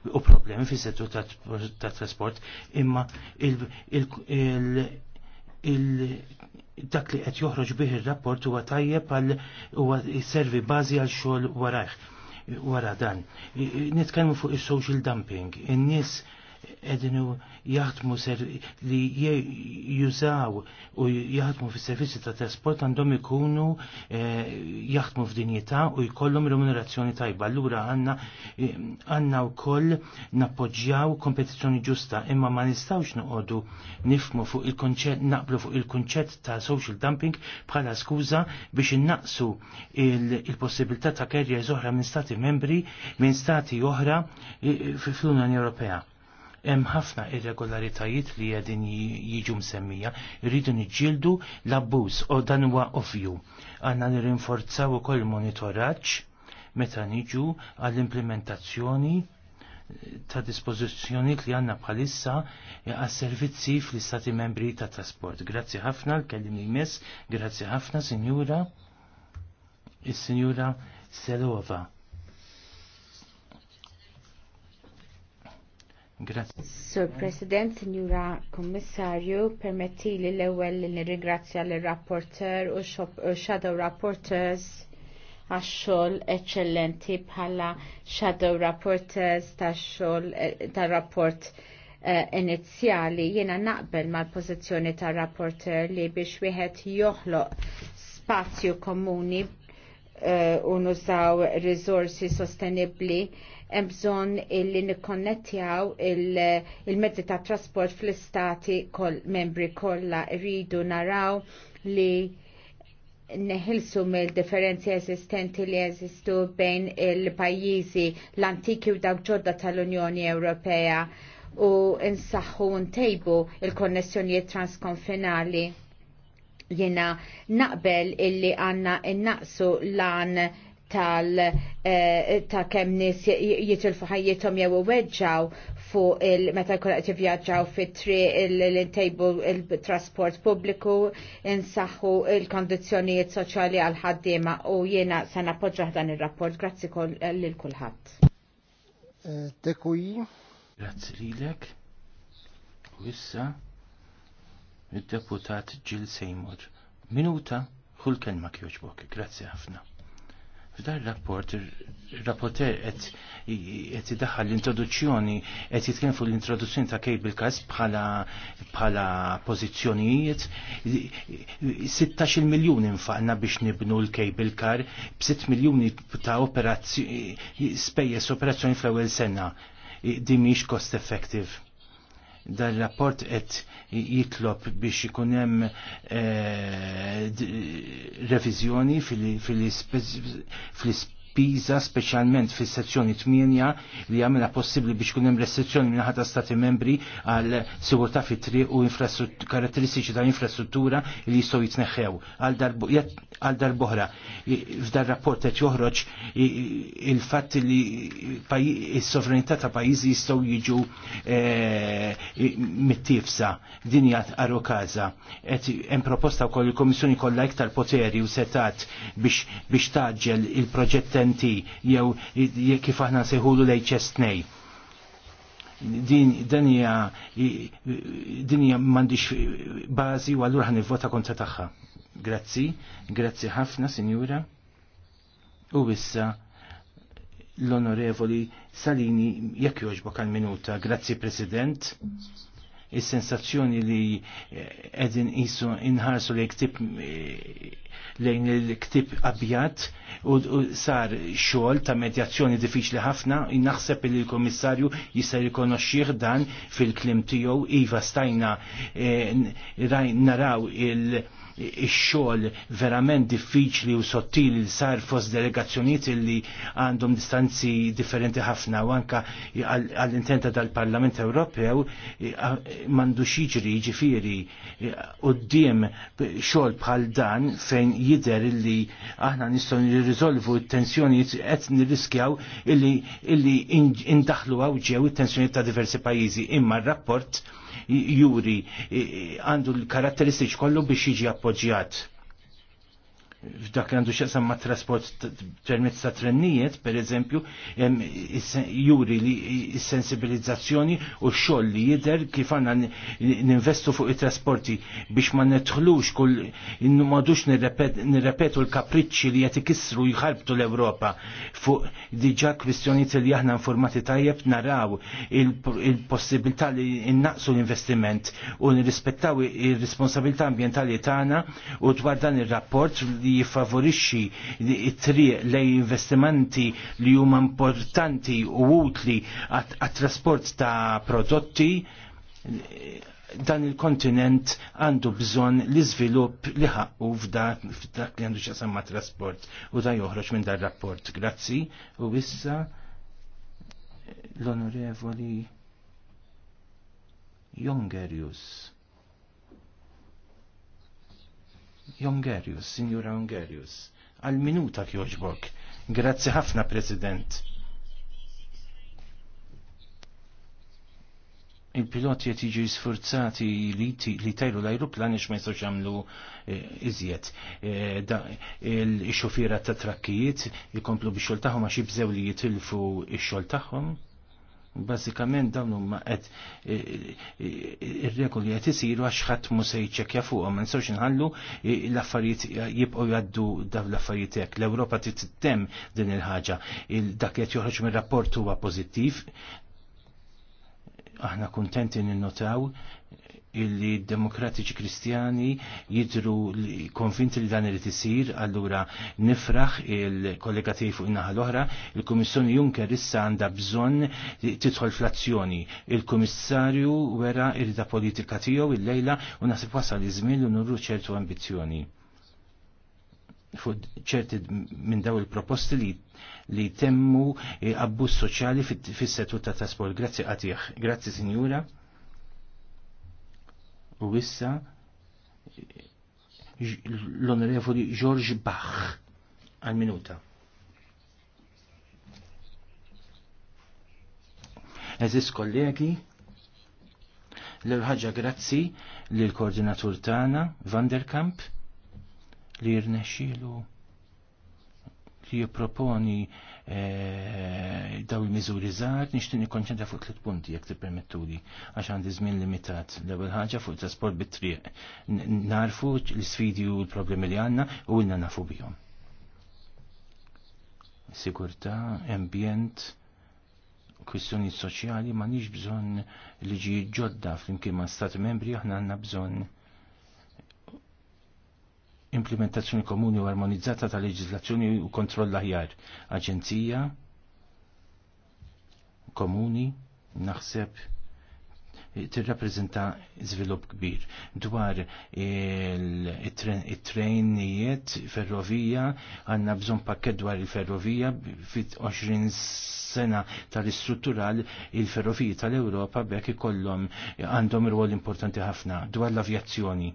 Speaker 1: u problemi fis settur tat trasport imma il dak li qed joħroġ bih ir-rapport huwa tajjeb għal huwa jservi bażi għal xogħol warajh wara dan. Nitkellmu fuq is-social dumping. In-nies edinu jaħdmu li jużaw u jaħdmu fis servizzi ta' trasport għandhom ikunu eh, jaħdmu f'dinjità u jkollhom remunerazzjoni tajba. Allura għandna eh, għandna wkoll nappoġġjaw kompetizzjoni ġusta, imma ma nistgħux noqogħdu nifmu fuq il-konċett naqblu fuq il-kunċett ta' social dumping bħala skuża biex innaqsu il-possibilità ta' kerja oħra minn stati membri minn stati oħra eh, fl-Unjoni Ewropea hemm ħafna irregolaritajiet li qegħdin jiġu msemmija, irridu niġġieldu l-abbuż u dan huwa ovvju. Għandna nirrinforzaw ukoll monitoraġġ meta niġu għall-implementazzjoni ta' dispożizzjoni li għanna bħalissa għas servizzi fl-istati membri ta' trasport. Grazzi ħafna l-kellim jmiss, grazzi ħafna, Sinjura, il-Sinjura
Speaker 2: Selova. Grazie. Sur President, Signora Kommissarju, permetti li l-ewel li nirringrazzja l-rapporter u shadow rapporters għax xogħol eccellenti bħala shadow rapporters tax xogħol eh, ta' rapport uh, eh, inizjali jiena naqbel mal-pożizzjoni tar rapporter li biex wieħed joħloq spazju komuni uh, u nużaw risorsi sostenibbli hemm bżonn illi nikkonnettjaw il-mezzi il ta' trasport fl-istati kol membri kollha rridu naraw li neħilsu mill differenzi eżistenti li jeżistu bejn il-pajjiżi l-antiki u dawk ġodda tal-Unjoni Ewropea u nsaħħu ntejbu il-konnessjonijiet transkonfinali jena naqbel illi għanna innaqsu lan tal eh, ta' kemm nis jitilfu ħajjithom jew weġġaw fuq il meta jkun qed fit-tri l-intejbu il-trasport pubbliku insaħħu il-kondizzjonijiet soċjali għal ħaddiema u jiena se nappoġġaħ dan ir-rapport. Grazzi lil kulħadd. Dekuji. Eh,
Speaker 1: Grazzi lilek. U issa id-deputat Jill Seymour. Minuta, kull kelma kjoġbok. Grazzi ħafna. F'dan rapport rapporter, rapporter qed idaħħal l-introduzzjoni qed jitkellem fuq l-introduzzjoni ta' Cable kas bħala bħala pożizzjonijiet 16 miljun infaqna biex nibnu l-Cable Car 6 miljuni ta' operazzjoni spejjeż operazzjoni fl-ewwel sena. Di mhix cost effective dan rapport qed jitlob biex ikun hemm eh, reviżjoni fil-ispezzjoni Pisa, specialment fis sezzjoni 8 li għamela possibli biex kunem restrizzjoni minna ħata stati membri għal sigurta fitri u karatteristiċi ta' infrastruttura li jistow jitneħħew. Għal darbohra, f'dar rapport qed joħroġ il-fatt li s-sovranità ta' pajjiżi jistgħu jiġu eh, mittifsa din hija għaru każa. Hemm proposta wkoll il-Komissjoni kollha iktar poteri u setat biex taġġel il-proġett TNT, jew kif aħna seħulu lej ċestnej. Din dinja dinja m'għandix bażi u allura ħanivvota kontra tagħha. Grazzi, grazzi ħafna, Sinjura. U issa l-Onorevoli Salini jekk joġbok għal minuta. Grazzi President is-sensazzjoni li eh, qegħdin qisu inħarsu li ktib eh, lejn il-ktib abjad u sar xogħol ta' medjazzjoni diffiċli ħafna naħseb li l-Komissarju jista' jrikonoxxih dan fil-klim tiegħu iva stajna eh, naraw il- ix-xogħol verament diffiċli u sottili li sar fost delegazzjonijiet li għandhom distanzi differenti ħafna u anka għall-intenta tal-Parlament Ewropew m'għandux u d quddiem xogħol bħal dan fejn jidher li aħna nistgħu nirriżolvu t-tensjonijiet qed nirriskjaw illi illi indaħlu għaw ġew it-tensjonijiet ta' diversi pajjiżi imma r-rapport juri għandu l-karatteristiċ kollu biex jiġi appoġġjat f'dak għandu xaqsam ma' trasport permezz ta' trennijiet, per eżempju, juri li s sensibilizzazzjoni u xoll li jider kif għanna ninvestu fuq it-trasporti biex ma' netħlux kull madux nirrepetu l-kapricċi li jati kisru jħarbtu l-Europa fuq diġa kwistjoniet li aħna informati tajjeb naraw il-possibilità li n-naqsu l-investiment u nirrispettaw il-responsabilità ambientali tagħna u dwar dan ir-rapport li jifavorixxi it-triq lejn investimenti li huma importanti u utli għat-trasport ta' prodotti dan il-kontinent għandu bżon li żvilupp li ħaqqu f'dak li għandu xasam ma' trasport u da joħroġ minn dar rapport. Grazzi u issa l-onorevoli Jongerius. Jongerius, Signora Jongerius, għal minuta kjoġbok. Grazzi ħafna, President. il-piloti jett jiġi sforzati li tajlu l-ajruplan ix ma jistax jagħmlu eh, iżjed. Eh, il-xofira ta' trakkijiet jkomplu bix-xogħol tagħhom għax jibżew li jitilfu ix xogħol tagħhom Basikament dawn huma qed e, e, e, ir-regoli qed isiru għax ħadd mu se jiċċekkja fuqhom, ma nistgħux inħallu l-affarijiet jibqgħu jgħaddu dawn l-affarijiet hekk. L-Ewropa tittem din il-ħaġa. Dak qed joħroġ mir-rapport huwa pożittiv. Aħna kuntenti ninnotaw illi demokratiċi kristjani jidru konvinti li dan irid isir, allura nifraħ il-kollega tiegħi fuq in-naħa l-oħra, il-Kummissjoni Juncker issa għandha bżonn tidħol fl-azzjoni. Il-Kummissarju wera irrida politika tiegħu il-lejla u naħseb wasal iż-żmien u nurru ċertu ambizzjoni fuq ċerti minn daw il-proposti li li temmu eh, abbuż soċjali fis-settur ta' trasport. Grazzi għatih. Grazzi Sinjura. U issa l-onorevoli George Bach għal minuta. Eżis kollegi, l-ħagġa grazzi l-koordinatur tana, Vanderkamp, li jirnexilu li jiproponi Eh, eh, daw il-miżuri żgħar nixtieq nikkonċentra fuq tliet punti jekk tippermettuli għax għandi żmien limitat. L-ewwel ħaġa fuq trasport bit-triq. Narfu l-isfidi u l-problemi li għandna u ilna nafu bihom. Sigurtà, ambjent, kwistjoni soċjali ma nix bżon liġi ġodda flimkien ma' stati membri aħna għandna bżonn implementazzjoni komuni u armonizzata ta' leġislazzjoni u kontroll aħjar. Aġenzija komuni naħseb tirrappreżenta żvilupp kbir dwar it-trejnijiet ferrovija għandna bżonn pakket dwar il-ferrovija fit 20 sena tal-istruttural il-ferroviji tal-Ewropa bekk ikollhom għandhom rwol importanti ħafna dwar l-avjazzjoni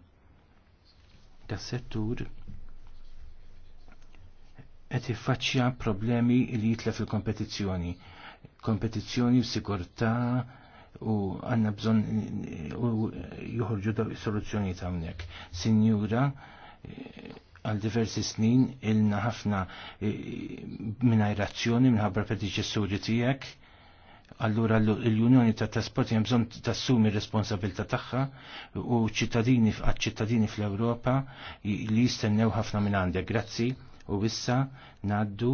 Speaker 1: tas settur qed jiffaċċja problemi li jitla fil-kompetizzjoni. Kompetizzjoni u sigurtà u għanna bżon u joħorġu da soluzzjoni ta' hawnhekk. Sinjura għal diversi snin ilna ħafna eh, minajrazzjoni minħabba predeċessuri tiegħek allura l-Unjoni ta' Trasporti hemm bżonn tassumi r-responsabilità tagħha u ċittadini għaċ-ċittadini fl-Ewropa li jistennew ħafna minn għandek. Grazzi u issa ngħaddu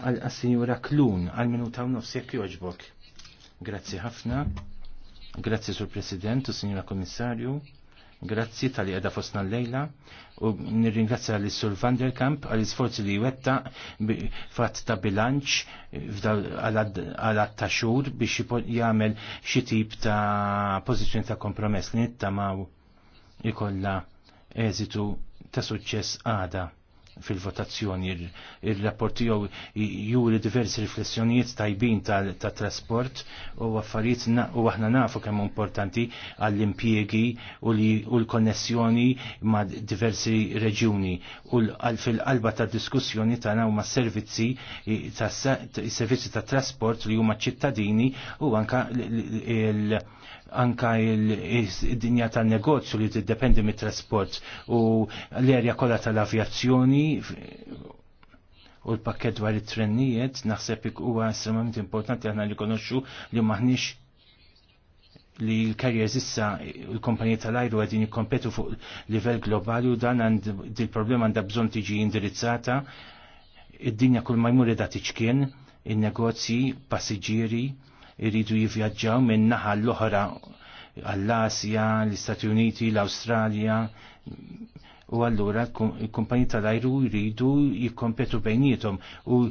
Speaker 1: għal-Sinjura Klun għal-minuta u nofs jekk jogħġbok. Grazzi ħafna. Grazzi Sur President u Sinjura Komissarju. Grazzi tal-li għada fosna l-lejla u nirringrazzja l sur Van der Kamp għal isforzi li wetta fatt ta' bilanċ għal ta' xur biex jagħmel xi tip ta' pożizzjoni ta' kompromess li nittamaw ikolla eżitu ta' suċċess għada fil-votazzjoni il-rapport jew juri diversi riflessjonijiet tajbin tal-trasport u affarijiet u aħna nafu kemm importanti għall-impjiegi u l-konnessjoni ma' diversi reġjuni u fil-qalba ta' diskussjoni tagħna huma servizzi servizzi ta' trasport li huma ċittadini u anka anka il-dinja tal-negozju li tiddependi mit-trasport u l-erja kollha tal-avjazzjoni u l-pakket dwar it-trennijiet naħseb huwa estremament importanti aħna li konoxxu li maħniex li l-karriers issa l-kompanija tal-ajru għedin jikkompetu fuq livell globali u dan għand il-problema għandha bżonn tiġi indirizzata id-dinja kull ma jmur id-dati ċkien, in-negozji, passiġġieri, iridu jivvjaġġaw minn naħa l-oħra għall-Asja, l-Istati Uniti, l-Awstralja, u allura il-kumpanji tal-ajru jridu jikkompetu bejnietom u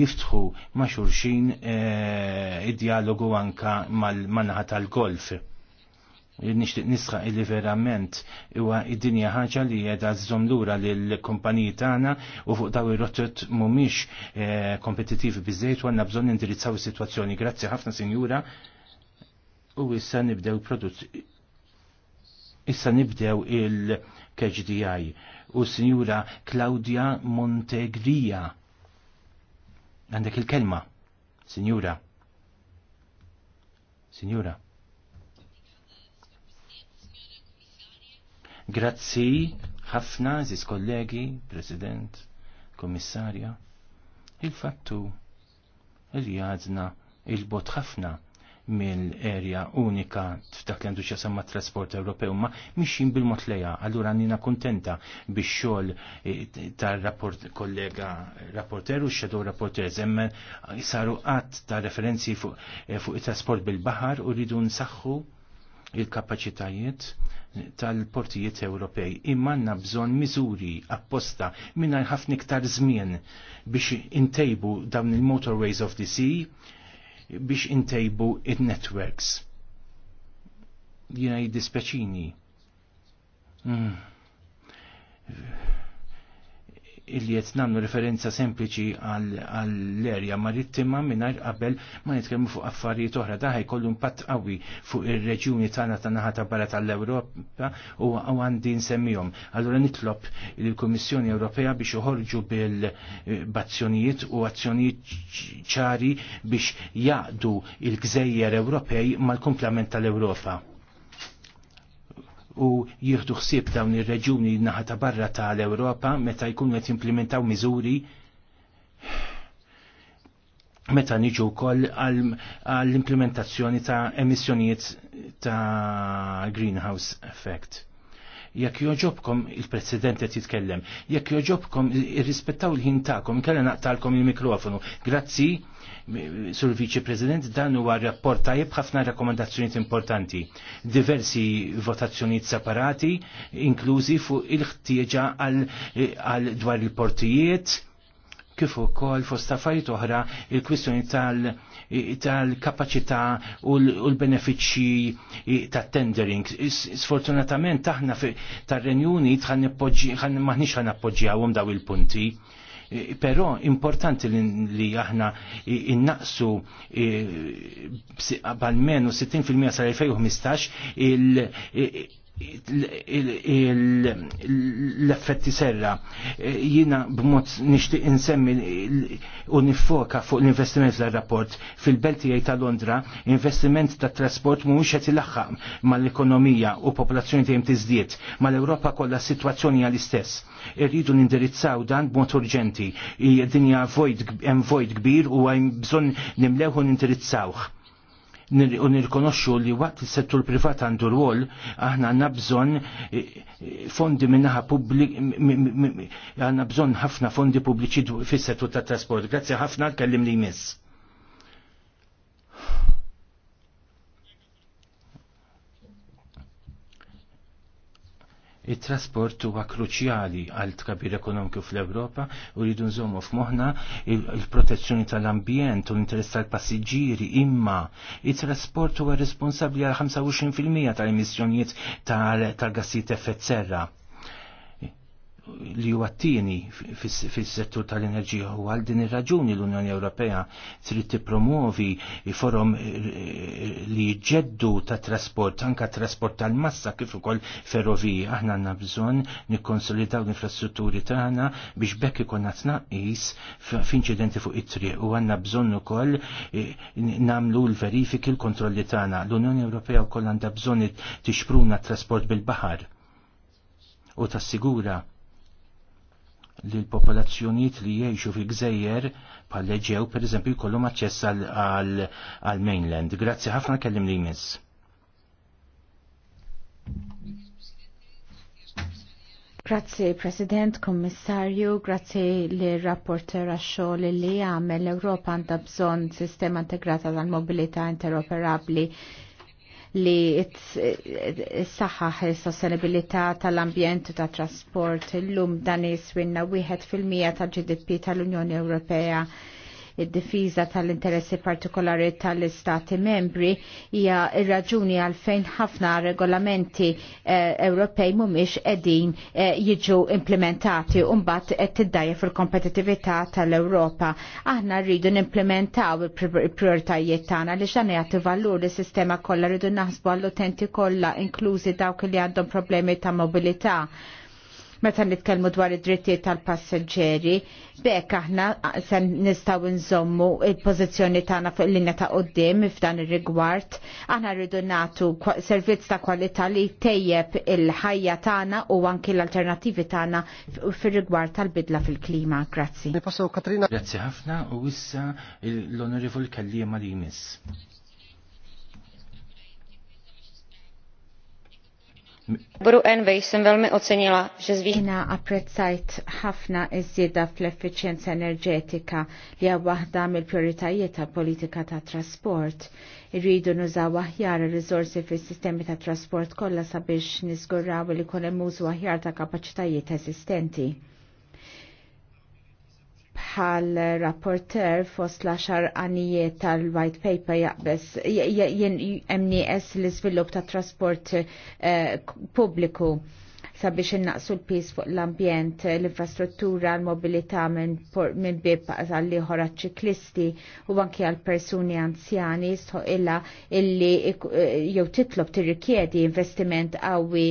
Speaker 1: jiftħu ma' xurxin eh, id-dialogu anka mal-manħa tal-golf nixtieq nisħa illi verament huwa id-dinja ħaġa li qiegħda żżomm lura lill-kumpaniji tagħna u fuq daw ir-rotot mhumiex eh, kompetittivi biżejt u għandna bżonn indirizzaw is-sitwazzjoni. Grazzi ħafna sinjura u issa nibdew produtt. issa nibdew il-KGDI u sinjura Claudia Montegria Għandek il-kelma, sinjura. Sinjura. Grazzi ħafna, ziz kollegi, president, komissarja. Il-fattu li għadna il-bot ħafna mill-erja unika f'dak li għandu xasam trasport Ewropew ma' miexin bil-mot leja. Allura għannina kontenta biex xogħol eh, tar rapport kollega rapporter u xedow rapporter zemmen saru qatt ta' referenzi fuq eh, fu it-trasport bil-bahar u rridu nsaħħu il-kapacitajiet tal-portijiet Ewropej. Imma għandna bżonn miżuri apposta mingħajr ħafna iktar żmien biex intejbu dawn il-motorways of the sea biex intejbu it-networks. Jina jidispeċini. Mm illi qed nagħmlu referenza sempliċi għall-erja marittima mingħajr qabel ma nitkellmu fuq affarijiet oħra daħaj kollu impatt qawwi fuq ir-reġjuni tagħna tan-naħa ta' barra tal-Ewropa u għandi nsemmihom. Allura nitlob il-Kummissjoni Ewropea biex joħorġu bil-bazzjonijiet u azzjonijiet ċari biex jaqdu il-gżejjer Ewropej mal-komplement tal-Ewropa u jieħdu ħsieb dawn ir-reġuni naħa ta' barra tal-Ewropa meta jkunu qed implementaw miżuri meta niġu wkoll għall-implementazzjoni ta' emissjonijiet ta' greenhouse effect jekk joġobkom il-president qed jitkellem, jekk joġobkom irrispettaw il-ħin tagħkom, kellha naqtalkom il-mikrofonu. Grazzi sur viċi President dan huwa rapport tajjeb ħafna rakkomandazzjonijiet importanti. Diversi votazzjonijiet separati, inklużi fuq il-ħtieġa għal dwar il-portijiet, kif ukoll fost affarijiet oħra il-kwistjoni tal-kapaċità u l-benefiċċji tat-tendering. Sfortunatament aħna tar-Renjuni ħan maħniex ħan appoġġjawhom daw il-punti Eh, però importanti li aħna innaqsu eh, bal 60% sal-2015 eh, l-effetti serra. Eh, jina b'mod nixtieq insemmi u nifoka fuq l-investiment l rapport fil-belti ta' Londra, investiment ta' trasport mhuwiex qed ilaħħaq mal-ekonomija u popolazzjoni dejjem tiżdied, mal-Ewropa kollha sitwazzjoni għall-istess. Irridu nindirizzaw dan b'mod urġenti. Dinja hemm void kbir u hemm bżon nimlewħu nindirizzawh u nirkonoxxu li waqt is-settur privat għandu rwol aħna għandna bżonn eh, eh, fondi minnaħa pubblik għandna bżonn ħafna fondi pubbliċi fis-settur tat-trasport. Grazzi ħafna kellimni jmiss. it-trasport huwa kruċjali għal tkabir ekonomiku fl-Ewropa u rridu nżommu f'moħħna il-protezzjoni tal-ambjent u l-interess tal-passiġġieri imma it-trasport huwa responsabbli għal 25% tal-emissjonijiet tal-gassijiet effett serra li huwa t-tieni fis-settur tal-enerġija u għal din ir-raġuni l-Unjoni Ewropea trid tippromuovi forum eh, eh, li jġeddu ta' trasport, anka trasport tal-massa kif ukoll ferrovija. Aħna għandna bżonn nikkonsolidaw l-infrastrutturi tagħna biex bekk qed tnaqqis f'inċidenti fuq it-triq u għandna bżonn ukoll eh, nagħmlu l-verifiki l-kontrolli tagħna. L-Unjoni Ewropea wkoll għandha bżonn tixpruna t trasport bil-baħar u tassigura li l-popolazzjoniet li jiexu fi gżejjer pal-leġew per eżempju jkollhom aċċess għal mainland. Grazzi ħafna kellim li jmiss.
Speaker 2: Grazzi President, Kommissarju, grazzi li rapporter għaxol li għamel l-Europa għanda bżon sistema integrata tal-mobilita interoperabli li s-saħħaħ sostenibilità tal-ambjent u tat trasport l-lum dan iswinna 1% tal-GDP tal-Unjoni Ewropea id-difiża tal-interessi partikolari tal-istati membri hija ir-raġuni għalfejn ħafna regolamenti eh, Ewropej mhumiex qegħdin eh, jiġu implementati u mbagħad qed tiddajja fil-kompetittività tal-Ewropa. Aħna rridu nimplementaw il-prioritajiet tagħna li xan jagħti valur is-sistema kollha rridu naħsbu għall-utenti kollha inklużi dawk li għandhom problemi ta' mobilità meta nitkellmu dwar id-drittijiet tal-passeġġeri, bekk aħna se nistgħu nżommu il-pożizzjoni tagħna fuq il-linja ta' qudiem f'dan ir-rigward. Aħna rridu nagħtu servizz ta' kwalità li tejjeb il-ħajja tagħna u anki l-alternattivi tagħna fir-rigward tal-bidla fil-klima. Grazzi. Grazzi
Speaker 1: ħafna u issa l onorevol Kallija Marimis.
Speaker 2: Buru NV jsem velmi ocenila, že zvýšená apprezzajt ħafna iż-żieda fl-effiċjenza enerġetika li hija waħda mill-prijoritajiet tal-politika ta' trasport. Irridu nużaw aħjar ir-riżorsi fis-sistemi ta' trasport kollha sabiex niżgurraw li jkun hemm użu aħjar ta' kapaċitajiet eżistenti bħal rapporter fost laxar għanijiet tal-white paper jaqbess jen es l-izvilup ta' trasport eh, publiku sabiex innaqsu l-pis fuq l-ambjent, l-infrastruttura, l-mobilità minn bib għall-liħor ċiklisti u anki għal persuni anzjani illa illi eh, jew titlob tirrikjedi investiment qawwi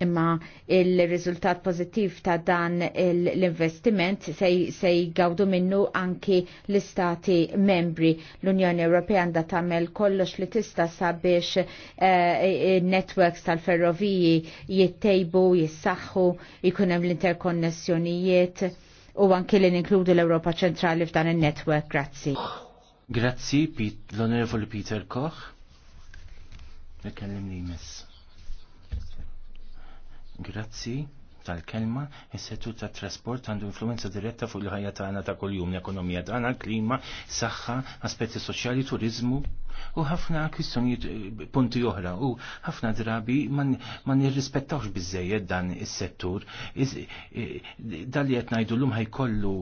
Speaker 2: imma il-rizultat pozittiv ta' dan l-investiment se jgawdu minnu anki l-istati membri. L-Unjoni Ewropea għandha tagħmel kollox li tista' sabiex eh, networks tal-ferroviji jittejbu, jissaħħu, jkun hemm l-interkonnessjonijiet u anki li ninkludu l europa ċentrali f'dan il-network. Grazzi.
Speaker 1: Grazzi, l-Onorevoli Peter Koch. Ikkellimni jmiss. Grazzi tal-kelma, is-settur tat trasport għandu influenza diretta fuq il-ħajja tagħna ta' kuljum, l-ekonomija tagħna, l-klima, saħħa, aspetti soċjali, turizmu u ħafna kwistjonijiet eh, punti oħra u ħafna drabi ma nirrispettawx biżejjed dan is-settur. Eh, Dalli qed ngħidu llum ħajkollu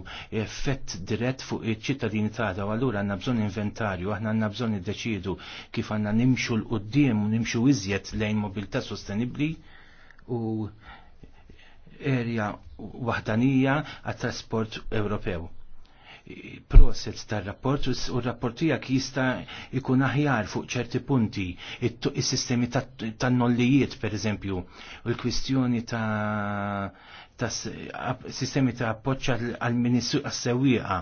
Speaker 1: effett dirett fuq iċ-ċittadini tagħna u allura għandna bżonn inventarju, aħna għandna bżonn iddeċiedu kif għandna nimxu l-qudiem u nimxu iżjed lejn mobilità sostenibbli u erja wahdanija għat-trasport Ewropew proset tal-rapport u r-rapportija jista ikun aħjar fuq ċerti punti, il-sistemi tan-nollijiet per eżempju, u l-kwistjoni ta' sistemi ta' appoċċa għal-ministru għas-sewieqa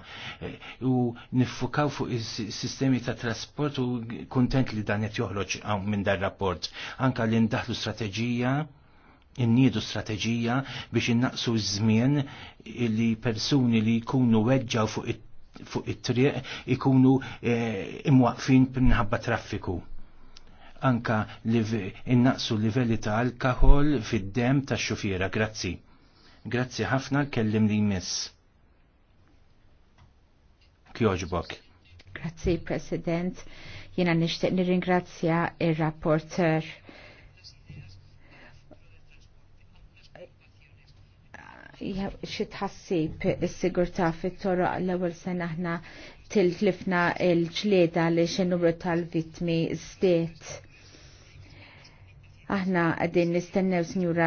Speaker 1: u nifukaw fuq sistemi ta' trasport u kontent li dan qed joħroġ minn dar rapport anka li ndaħlu strateġija innidu strateġija biex innaqsu żmien li persuni li jkunu weġġaw fuq it fuq it-triq ikunu eh, imwaqfin minħabba traffiku. Anka liv, innaqsu livelli ta' alkohol fid-dem ta' xufiera. Grazzi. Grazzi ħafna kellim li jmiss. Kjoġbok.
Speaker 2: Grazzi, President. Jena nishtiq nirringrazzja ir-rapporter xi tħassib is-sigurtà fit-toroq l-ewwel sena aħna tilflifna l-ġlieda li xie numru tal-vittmi żdied Aħna għadin nistennew Sinjura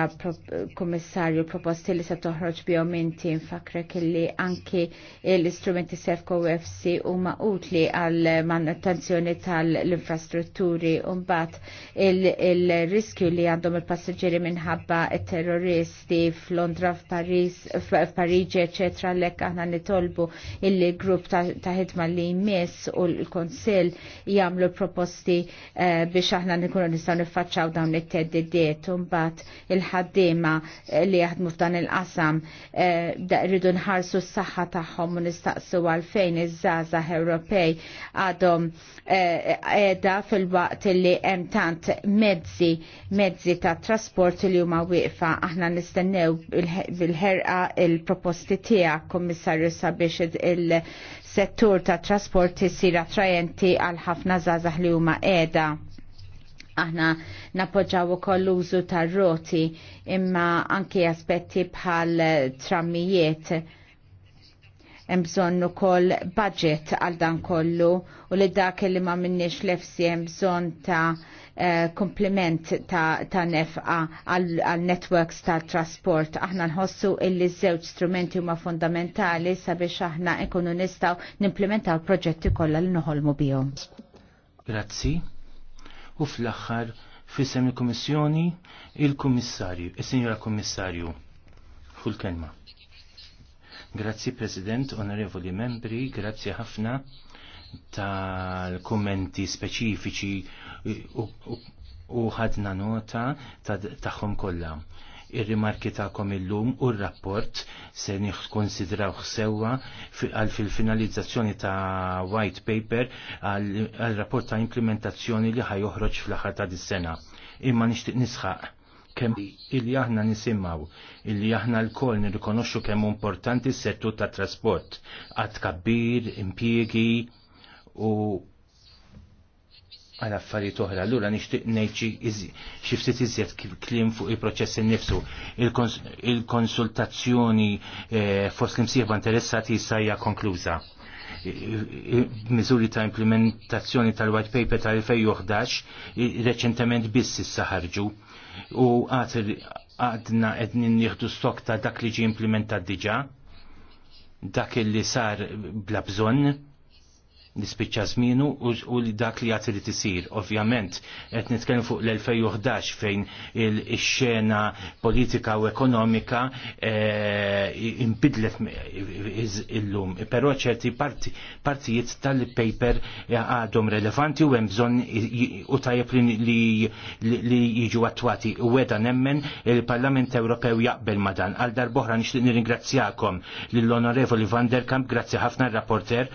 Speaker 2: Kommissarju proposti li se toħroġ bihom inti nfakrek li anki l-istrumenti SEFCO UFC huma utli għal manutenzjoni tal-infrastrutturi u mbagħad il-riskju li għandhom il passagġeri minħabba terroristi f'Londra, f'Paris, f'Pariġi, eċetera, lek aħna nitolbu il-grupp ta' ħidma li jmiss u l-Konsil jagħmlu proposti eh, biex aħna nkunu nistgħu niffaċċaw dawn it skeddidiet bat il-ħaddima eh, li jaħdmu f'dan il-qasam eh, rridu nħarsu s-saxħa tagħhom u nistaqsu għalfejn iż-żgħażagħ Ewropej għadhom eh, qiegħda fil-waqt li hemm tant mezzi mezzi ta' trasport li huma wieqfa aħna nistennew bil-ħerqa il-proposti tiegħek Kummissarju sabiex il-settur ta' trasport isir attrajenti għal ħafna żgħażagħ li huma qiegħda Aħna napoġaw ukoll l-użu tar-roti imma anke aspetti bħal trammijiet hemm bżonn ukoll budget għal dan kollu u li dak li ma minniex lefsi hemm bżonn ta' eh, komplement ta', ta nefqa għal networks ta' trasport. Aħna nħossu illi żewġ strumenti huma fundamentali sabiex aħna ikunu nistgħu nimplementaw proġetti kollha li noħolmu bihom.
Speaker 1: Grazzi u fl-axħar fissem il-Komissjoni il-Komissarju, il-Sinjora Komissarju. Full kelma. Grazzi President, onorevoli membri, grazzi ħafna tal-kommenti speċifiċi u ħadna nota tagħhom kollha ir-rimarki tagħkom illum u r-rapport se nikkonsidraw sewwa għal fil-finalizzazzjoni ta' white paper għal rapport ta' implementazzjoni li ħaj joħroġ fl-aħħar ta' dis-sena. Imma nixtieq nisħaq kemm illi aħna nisimgħu illi aħna l-koll nirrikonoxxu kemm importanti s-settur tat trasport għad kabbir, impjiegi u għal affarijiet oħra. Allura nixtieq ngħid xi ftit iżjed kliem fuq il-proċess innifsu. Il-konsultazzjoni eh, fost l-imsieħba interessati issa hija konkluża. Miżuri ta' implementazzjoni tal-white paper tal-2011 reċentement biss issa ħarġu u għadna qed nieħdu stok ta' dak li ġi implementat diġà dak li sar bla bżonn nispiċċa żmienu u li dak li għatri tisir. Ovvjament, qed nitkellem fuq l-2011 fejn il-xena politika u ekonomika eh, imbidlet illum. Però ċerti partijiet tal-paper għadhom relevanti u hemm bżonn u tajjeb li jiġu attwati. U weda nemmen il-Parlament Ewropew jaqbel ma dan. Għal darbohra nixtieq nirringrazzjakom lill-Onorevoli Van der Kamp, grazzi ħafna r-rapporter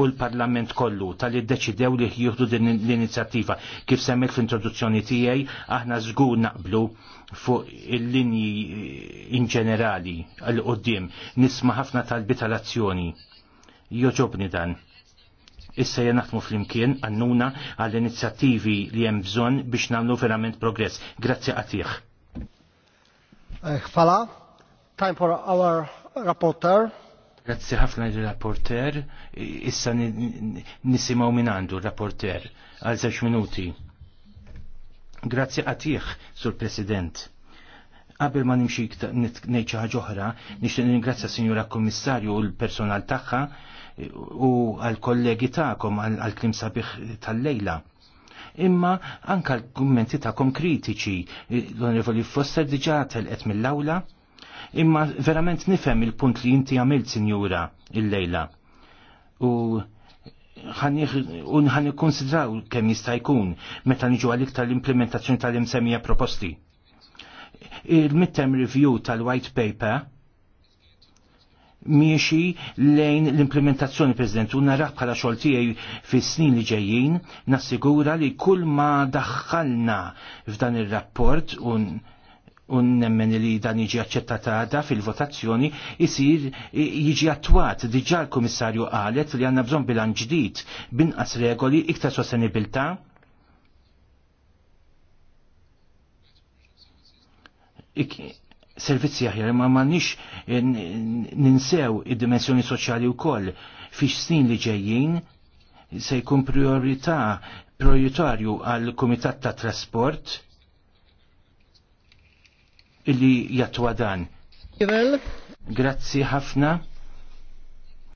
Speaker 1: u l-Parlament parlament kollu tal iddeċidew li jieħdu din l-inizjattiva. Kif semmek fl-introduzzjoni tiegħi, aħna żgur naqblu fuq il-linji inġenerali għal qudiem nisma ħafna talbi tal-azzjoni. Joġobni dan. Issa jenaħtmu fl-imkien għannuna għall-inizjattivi li hemm bżonn biex nagħmlu verament progress. Grazzi għatih.
Speaker 2: Eh, Fala, time for our rapporteur.
Speaker 1: Grazzi ħafna il-rapporter, issa nisimaw minn għandu rapporter għal żewġ minuti. Grazzi għatiħ, sur President. Qabel ma nimxi nejċa ħagħuħra, nixtieq ningrazzja Sinjura Kommissarju u l-personal tagħha u għal kollegi tagħkom għal klim sabiħ tal-lejla. Imma anka l-kummenti tagħkom kritiċi, l onrevoli Foster diġà et mill-awla, imma verament nifhem il-punt li inti għamilt sinjura il-lejla. U ħan ikkonsidraw kemm jista' jkun meta niġu għalik tal-implementazzjoni tal-imsemmija proposti. Il-midterm review tal-white paper miexi lejn l-implementazzjoni President u narraħ bħala xogħol tiegħi fis-snin li ġejjin nassigura li kull ma daħħalna f'dan ir-rapport un un nemmen li dan jiġi aċċettat għada fil-votazzjoni jisir jiġi attwat diġà l-Kummissarju qalet li għandna bżonn bilan ġdid binqas regoli iktar sostenibilità Ik servizzi aħjar ma m'għandniex eh, ninsew id-dimensjoni soċjali wkoll fix snin li ġejjin se jkun priorità prioritarju għal Kumitat ta' Trasport illi jattwa dan. Grazzi ħafna.